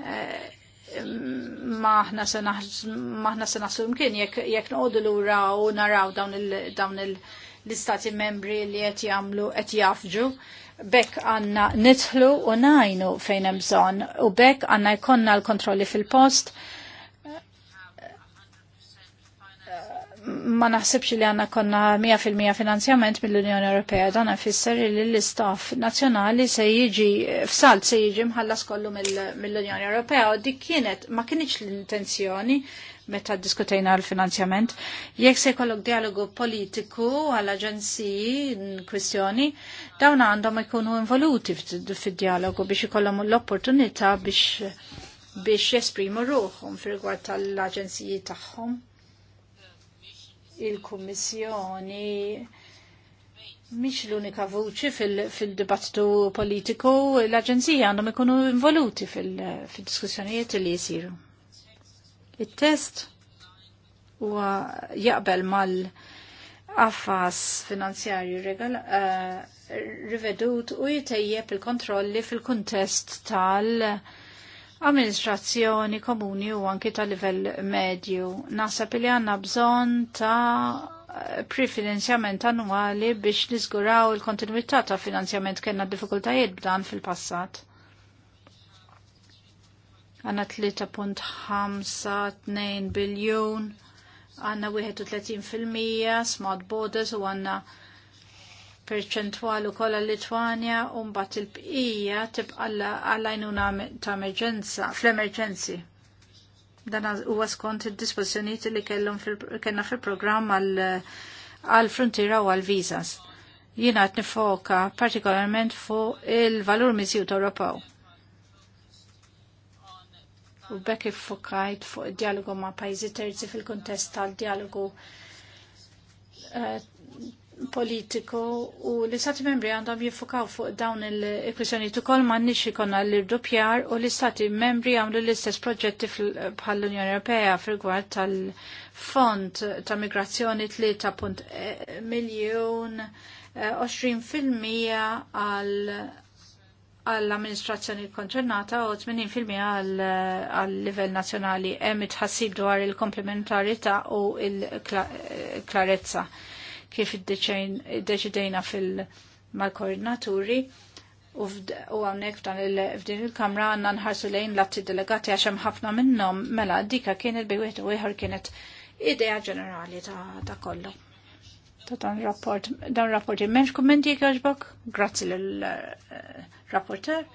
Eh, Maħna se naħsu mkien jekk noqogħdu lura u naraw dawn l-istati membri li qed jagħmlu qed jafġu bekk għanna nitħlu u najnu fejn hemm bżonn u bekk għanna jkonna l-kontrolli fil-post. Ma naħsibx li għanna konna 100% finanzjament mill-Unjoni Ewropea dan ifisser li l-istaff nazzjonali se jiġi f'salt se jiġi mħallas kollu mill-Unjoni Ewropea u dik kienet ma kienx l-intenzjoni meta diskutejna l-finanzjament. Jekk se jkollok dialogu politiku għall-aġenziji kwistjoni dawn għandhom ikunu involuti fid-dialogu biex ikollhom l-opportunità biex biex jesprimu ruħum fil tal-aġenziji tagħhom. Il-Kummissjoni mhix l-unika vuċi fil-dibattitu fil politiku, l-aġenzija għandhom ikunu involuti fil-diskussjonijiet fil li jisiru. Il-test huwa jaqbel mal-affas finanzjarju uh, rivedut u jitejjeb il-kontrolli fil-kuntest tal-amministrazzjoni komuni u anki tal-livell medju. Nasab li għanna bżon ta' prefinanzjament annwali biex nizguraw il-kontinuità ta' finanzjament kena diffikultajiet b'dan fil-passat għanna 3.52 biljon, għanna 31% Smart Borders u għanna perċentwal kolla għal-Litwanja u mbagħad il-bqija tibqa' għall-għajnuna ta' emerġenza fl-emerġenzi. Dan huwa skont id-dispożizzjonijiet li kellhom kellna fil-programm għall-frontiera u għall vizas Jiena qed nifoka partikolarment fuq il-valur miżjud Ewropew. U bekk iffokajt fuq id-dialogu ma' pajjiżi terzi fil-kuntest tal-dialogu eh, politiku u l-istati membri għandhom jiffukaw fuq dawn il-kwistjoni ukoll m'għandniex ikonna l-irdupjar u l-istati membri għamlu l-istess proġetti bħall-Unjoni Ewropea fil-gwar tal-fond ta' migrazzjoni 3.1 e-, miljun 20% e, fil-mija għall-amministrazzjoni konċernata u 80% għall-livell nazzjonali hemm tħassib dwar il-komplementarità u il-klarezza. E, -kla kif deċidejna fil-mal-koordinaturi u għawnek f'din il-kamra għanna nħarsu lejn l-atti delegati għaxem ħafna minnom mela dika kien il-bejwet u iħor kienet idea ġenerali ta' kollu. Ta' dan rapport, dan rapport jimmenx kommenti għaxbok, grazzi l-rapporter. Eh,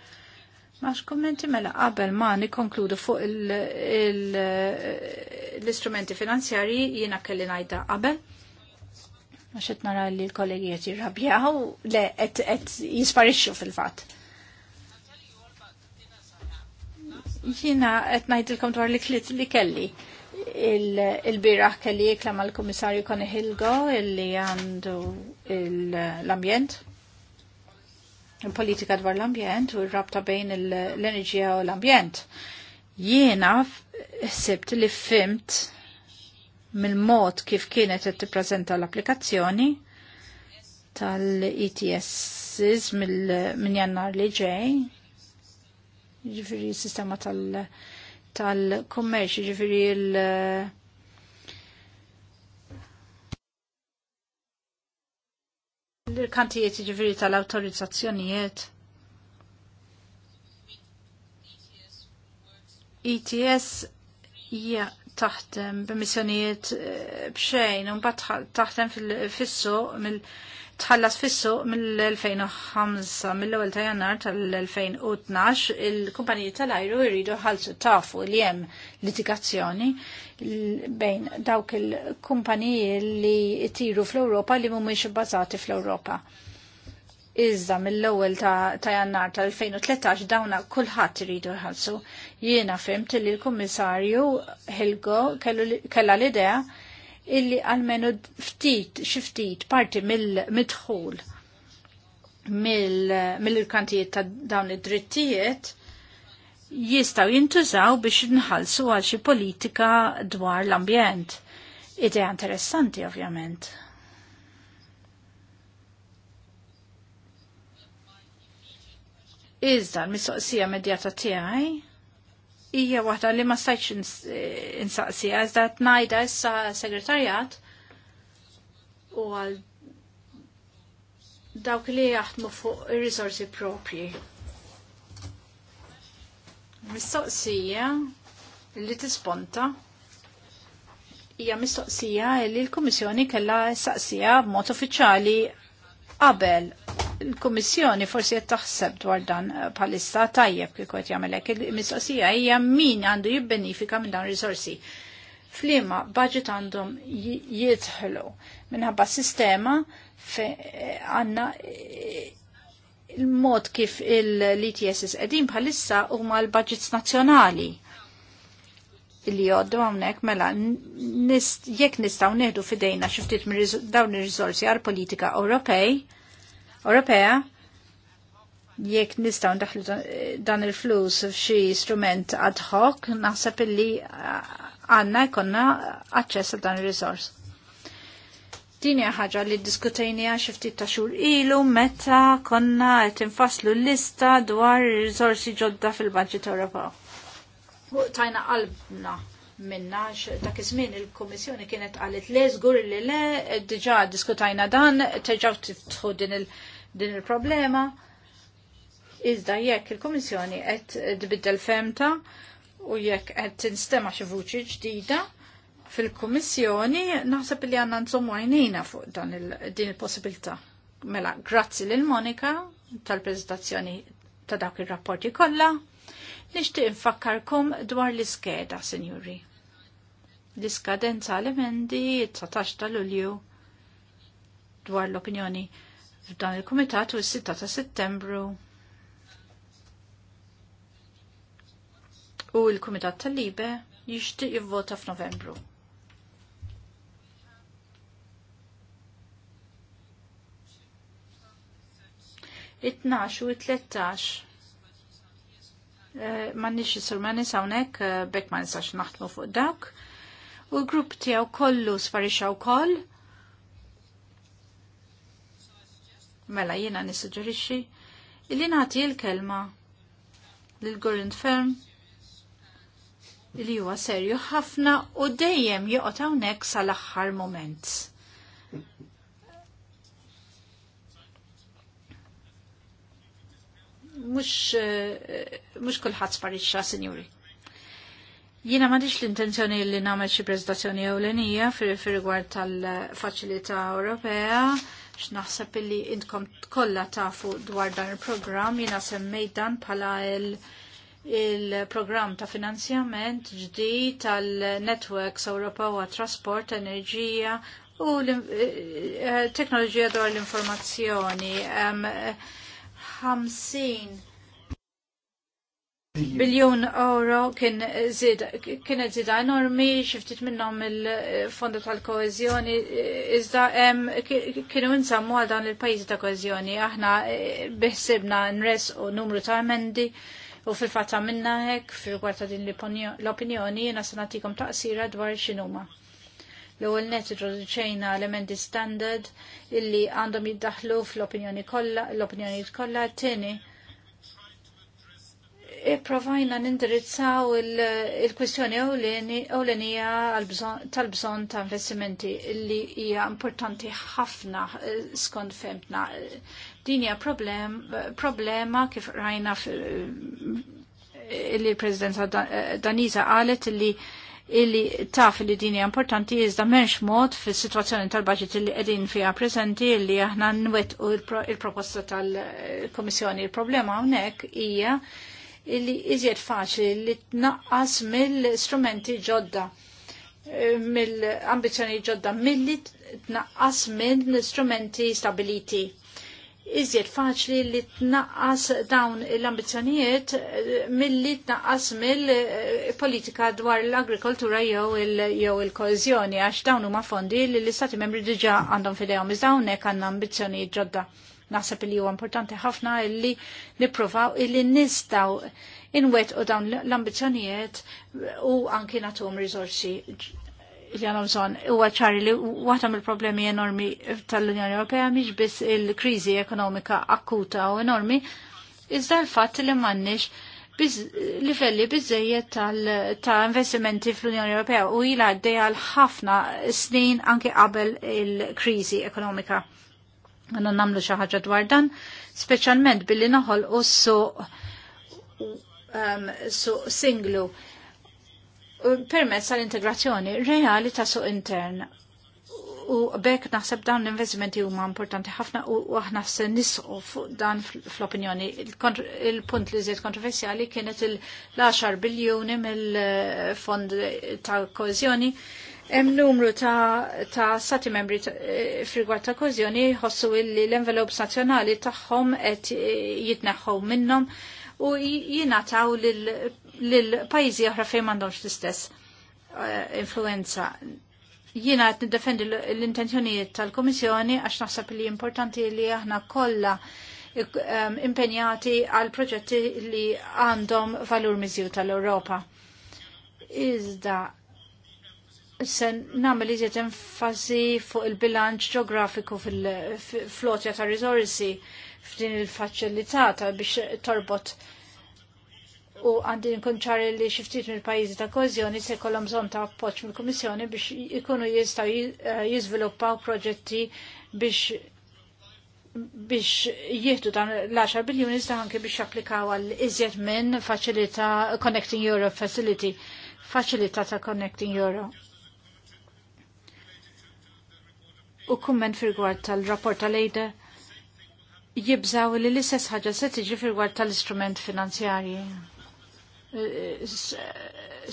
Max kommenti mela qabel ma nikonkludu fuq l-istrumenti finanzjari jiena kelli najda qabel Għax qed nara li l-kollegi jirrabjaw, le qed jisparixxu fil-fatt. Jiena qed ngħidilkom dwar li klit li kelli il-biraħ kelli jikla mal komissarju Koni Hilgo illi għandu l-ambjent il-politika dwar l-ambjent u r-rabta bejn l-enerġija u l-ambjent. Jiena sebt li fimt mill-mod kif kienet qed tippreżenta l-applikazzjoni tal ets minn jannar li ġej, ġifiri sistema tal-kommerċ, tal ġifiri l- l-kantijiet ġifiri tal-autorizzazzjonijiet. ETS ja, taħtem b'missjonijiet eh, b'xejn, un bat taħtem fil mill tħallas fissu mill-2005, mill-ewel ta' jannar tal-2012, il-kumpaniji tal-ajru jridu ħalsu tafu li jem litigazzjoni bejn dawk il-kumpaniji li jtiru fl-Europa li mumiex bazati fl-Europa. Iżda mill-ewwel ta', ta jannar tal-2013 dawna kulħadd iridu jħallsu. Jiena fimt li l-Kummissarju Hilgo kella l-idea illi għalmenu ftit, xiftit, parti mill-midħul mill-kantijiet ta' dawn id-drittijiet jistaw jintużaw biex nħalsu għal xi politika dwar l-ambjent. Idea interessanti, ovvjament. Iżda l-mistoqsija medjata tiegħi hija waħda li ma stajtx eh, insaqsija, iżda najda issa segretarjat u għal dawk li jaħdmu fuq ir-risorsi propri. Mistoqsija li tisponta hija mistoqsija li l-Kummissjoni kellha saqsija b'mod uffiċali qabel il-Kummissjoni forsi qed taħseb dwar dan palista eh, tajjeb kif qed jagħmelek. Il-mistoqsija hija min għandu jibbenifika minn dan risorsi. Flima budget għandhom jitħlu minħabba sistema fe għanna eh, il-mod kif il-ETSS edin bħalissa huma l-budgets nazzjonali li joddu għamnek mela jekk nistaw neħdu fidejna xiftit minn dawn ir-riżorsi għal politika Ewropej, Ewropea jekk nistgħu ndaħlu dan il-flus f'xi strument ad hoc, naħseb illi għandna jkollna aċċess għal dan ir resors Din hija ħaġa li ddiskutejniha xi ftit ta' xhur ilu meta konna qed infasslu lista dwar ir-riżorsi ġodda fil-Baġġit Ewropew. Tajna qalbna minna dak iż-żmien il-Kummissjoni kienet qalet le żgur li le diġà diskutajna dan terġgħu tiftħu din il- din il-problema. Iżda jekk il-Komissjoni qed tbiddel femta u jekk qed tinstema xi vuċi ġdida fil-Komissjoni, naħseb li għandna nżommu għajnina fuq dan il din il-possibilità. Mela, grazzi lil Monika tal preżentazzjoni ta' dawk ir-rapporti kollha. Nixtieq infakkarkom dwar l-iskeda, sinjuri. L-iskadenza għal emendi 19 ta' Lulju dwar l-opinjoni f'dan il-Kumitat u s sitta ta' Settembru. U l-Kumitat tal-Libe jixtieq jivvota f'Novembru. It-tnax u it-tlettax eh, ma nix ma nisawnek, eh, bek ma nistax naħtmu fuq dak, U l-grupp tijaw kollu sfarixaw koll Mela jiena nissuġġerixxi illi nagħti l-kelma lil Gurrent Ferm li huwa serju ħafna u dejjem joqgħod hawnhekk sal-aħħar moment. Mux, eh, mux kullħat sparixxa, sinjuri. Jiena m'għandix l-intenzjoni li nagħmel xi prezentazzjoni ewlenija fir rigward tal-Faċilità Ewropea x'naħseb illi intkom kollha tafu dwar dan il-programm jiena semmejt dan bħala il- il-programm ta' finanzjament ġdid tal-Networks Ewropa wa' Trasport, Enerġija u l eh, eh, teknoloġija dwar l-informazzjoni. 50 biljun euro kien zid, kienet zida enormi, xiftit minnom il-fondi tal-koezjoni, iżda kienu nsammu għal dan il pajzi ta' koezjoni, aħna eh, biħsibna nres u numru ta' emendi, u fil-fatta minna hekk fil-gwarta din l-opinjoni jena sanatikom sira dwar xinuma. L-ewwel net introduċejna emendi standard illi għandhom jiddaħlu fl-opinjoni kollha, l-opinjoni kollha, t-tieni provajna nindirizzaw il-kwistjoni ewlenija tal-bżon ta' investimenti li hija importanti ħafna eh, skont femtna. Din hija problema kif rajna li l-Presidenza eh, Daniza qalet li illi taf li dini importanti iżda menx mod fis situazzjoni tal-budget li edin fija prezenti li aħna nwet u il-proposta tal-Komissjoni. Eh, Il-problema hawnhekk hija illi iżjed faċli li tnaqqas mill-strumenti ġodda eh, mill-ambizjoni ġodda milli tnaqqas mill-strumenti stabiliti. Iżjed faċli li tnaqqas dawn l-ambizjonijiet eh, milli tnaqqas mill-politika dwar l-agrikoltura jew il-koezjoni għax dawn huma fondi li l-istati membri diġa' għandhom fidejhom dawn hekk għandna ambizzjonijiet ġodda Naħseb li huwa importanti ħafna illi nippruvaw illi nistaw inwet u dawn l-ambizjonijiet u anki natum risorsi li għandhom bżonn. Huwa ċari li waħda mill-problemi enormi tal-Unjoni Ewropea mhix biss il-kriżi ekonomika akuta u enormi, iżda l-fatt li m'għandniex livelli biżejjed ta' investimenti fl-Unjoni Ewropea u ilha għaddejja l ħafna snin anke qabel il-kriżi ekonomika għanna namlu xaħġa dwar dan, specialment billi noħol u su, um, singlu permess għal-integrazzjoni reali ta' su intern. U bekk naħseb dawn l-investimenti huma importanti ħafna u aħna se nisqu fuq dan fl-opinjoni. Il-punt li żied kontroversjali kienet il-10 biljuni mill-fond ta' koezjoni Hemm numru ta', ta stati membri f'rigward ta' eh, kozjoni ħossu li l-envelopes nazzjonali tagħhom qed eh, jitneħħu minnhom u jingħataw lil pajjiżi oħra fejn m'għandhomx l-istess eh, influenza. Jiena qed niddefendi l-intenzjonijiet tal-Kummissjoni għax naħseb li importanti li aħna kollha ehm, impenjati għal proġetti li għandhom valur miżju tal-Ewropa. Iżda sen namel iżjed enfasi fuq il-bilanċ ġeografiku fil-flotja ta' risorsi f'din il faċilitata ta' biex torbot u għandi nkun li xiftit mill-pajjiżi ta' kozjoni se kolom bżonn ta' appoġġ mill-Kummissjoni biex ikunu jistgħu eh, jiżviluppaw proġetti biex biex jieħdu dan l-10 biljoni iżda anke biex japplikaw għal iżjed minn faċilità Connecting Europe Facility faċilità ta' Connecting Europe u kumment firgwar tal-rapport tal-ejda jibżaw li l-istess ħaġa se tiġi fil tal-istrument finanzjarji.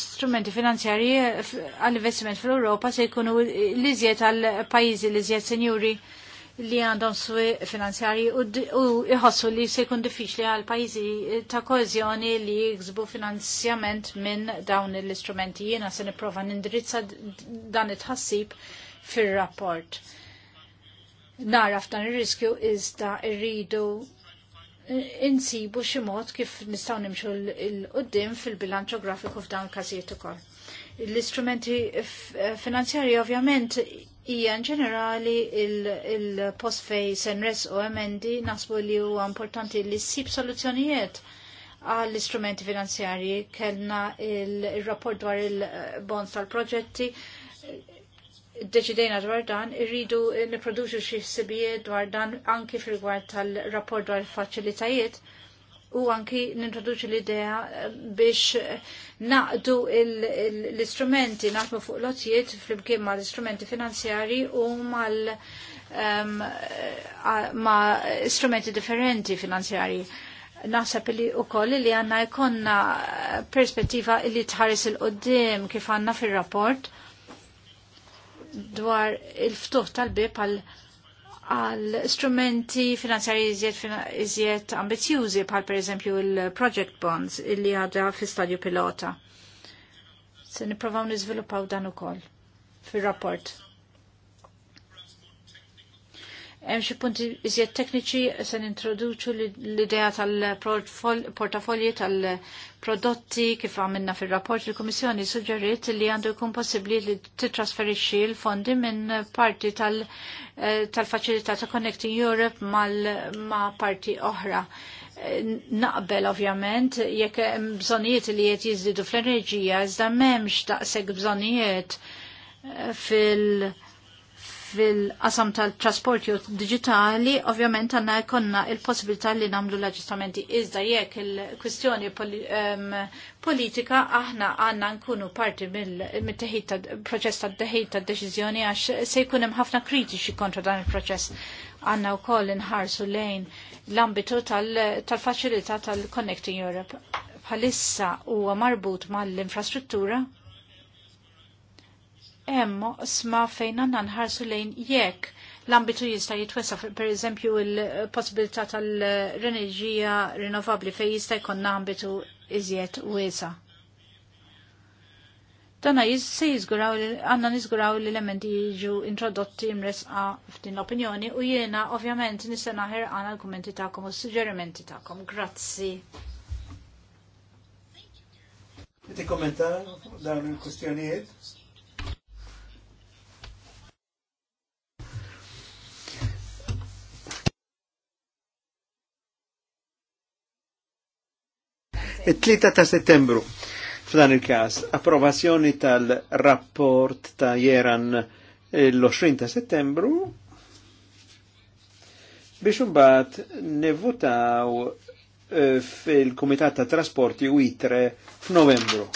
Strumenti finanzjarji għall-investiment fil-Europa se jkunu l-iżjed għall-pajizi l-iżjed senjuri li għandhom swi finanzjarji u jħossu li se jkun diffiċli għal pajizi ta' kozjoni li jiksbu finanzjament minn dawn l-istrumenti. Jena se niprofa nindirizza dan it-ħassib fil-rapport nara f'dan ir-riskju iżda rridu insibu xi mod kif nistgħu nimxu l-qudiem fil-bilanċ ġeografiku f'dan każijiet ukoll. L-istrumenti finanzjarji ovvjament hija ġenerali il-post fej senres u emendi nasbu li huwa importanti li ssib soluzzjonijiet għall-istrumenti finanzjari kellna il-rapport dwar il-bonds tal-proġetti deċidejna dwar dan, irridu niproduċu xi sibije dwar dan anki fil gwart tal-rapport dwar faċilitajiet u anki nintroduċu l-idea eh, biex eh, naqdu l-istrumenti, naħdmu fuq lotijiet fl-imkien ma l-istrumenti finanzjari u mal ehm, eh, ma istrumenti differenti finanzjari. Naħseb li u koll li għanna jkonna perspettiva li tħares il-qoddim kif għanna fil-rapport dwar il-ftuħ tal-bib għal strumenti finanzjari iżjed, iżjed ambizjużi bħal per eżempju il-project bonds illi għadha fi stadju pilota. Se niprofaw niżviluppaw dan ukoll fir-rapport. Hemm xi punti iżjed tekniċi se nintroduċu l-idea tal-portafolji tal-prodotti kif għamilna fir-rapport il-Kummissjoni suġġeriet li għandu jkun possibbli li titrasferixxi l-fondi minn parti eh, tal-faċilità ta' Connecting Europe ma' parti oħra. Eh, naqbel ovvjament jekk hemm bżonnijiet li qed jiżdiedu fl-enerġija iżda m'hemmx daqshekk bżonnijiet eh, fil- fil-qasam tal-trasport jew digitali, ovvjament għanna jkonna il-possibilità li namlu l-aġġustamenti. Iżda jekk il-kwistjoni ehm, politika aħna għanna nkunu parti mill-teħid proċess ta' teħid ta' deċiżjoni għax se jkun hemm ħafna kritiċi kontra dan il-proċess. Għanna wkoll inħarsu lejn l-ambitu tal-faċilità tal-Connecting Europe bħalissa huwa marbut mal-infrastruttura hemm sma fejn għandna nħarsu lejn jekk l-ambitu jista' jitwesa per eżempju il-possibilità tal-enerġija rinnovabli fejn jista' jkollna ambitu iżjed wiesa. Dana se jizguraw għanna nizguraw l-elementi jiġu introdotti mresqa f'din l-opinjoni u jiena ovvjament nista' naħer għana l-kummenti tagħkom u s-suġġerimenti tagħkom. Grazzi. Ti kommentar dan il-kustjonijiet? 3 ta' settembru. F'dan il-kas, approvazzjoni tal-rapport ta' Jeran l-20 ta' settembru biex unbat nevutaw eh, fil-Kumitat ta' Trasporti u Itre f'Novembru.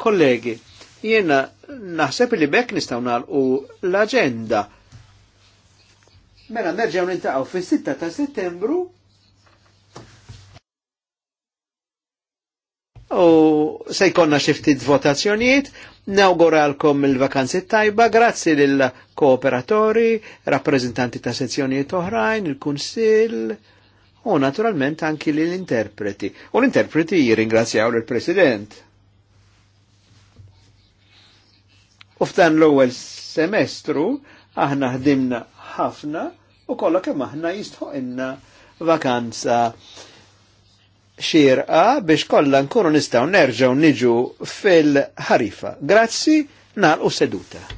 Kollegi, jena naħseb li bekk nistaw nagħlqu l-aġenda. Mela nerġaw nintaqaw fis-6 ta' Settembru u se jkonna xiftit votazzjonijiet, nawguralkom il-vakanzi tajba, grazzi lill-kooperatori, rappresentanti ta' sezzjonijiet oħrajn, il-Kunsil, u naturalment anki l-interpreti. U l-interpreti jiringrazzjaw l-President. U f'dan l-ewwel semestru aħna ħdimna ħafna u kollha kemm aħna jistħoqinna vakanza xirqa biex kollha nkunu nistgħu nerġgħu niġu fil-ħarifa. Grazzi, nagħlqu seduta.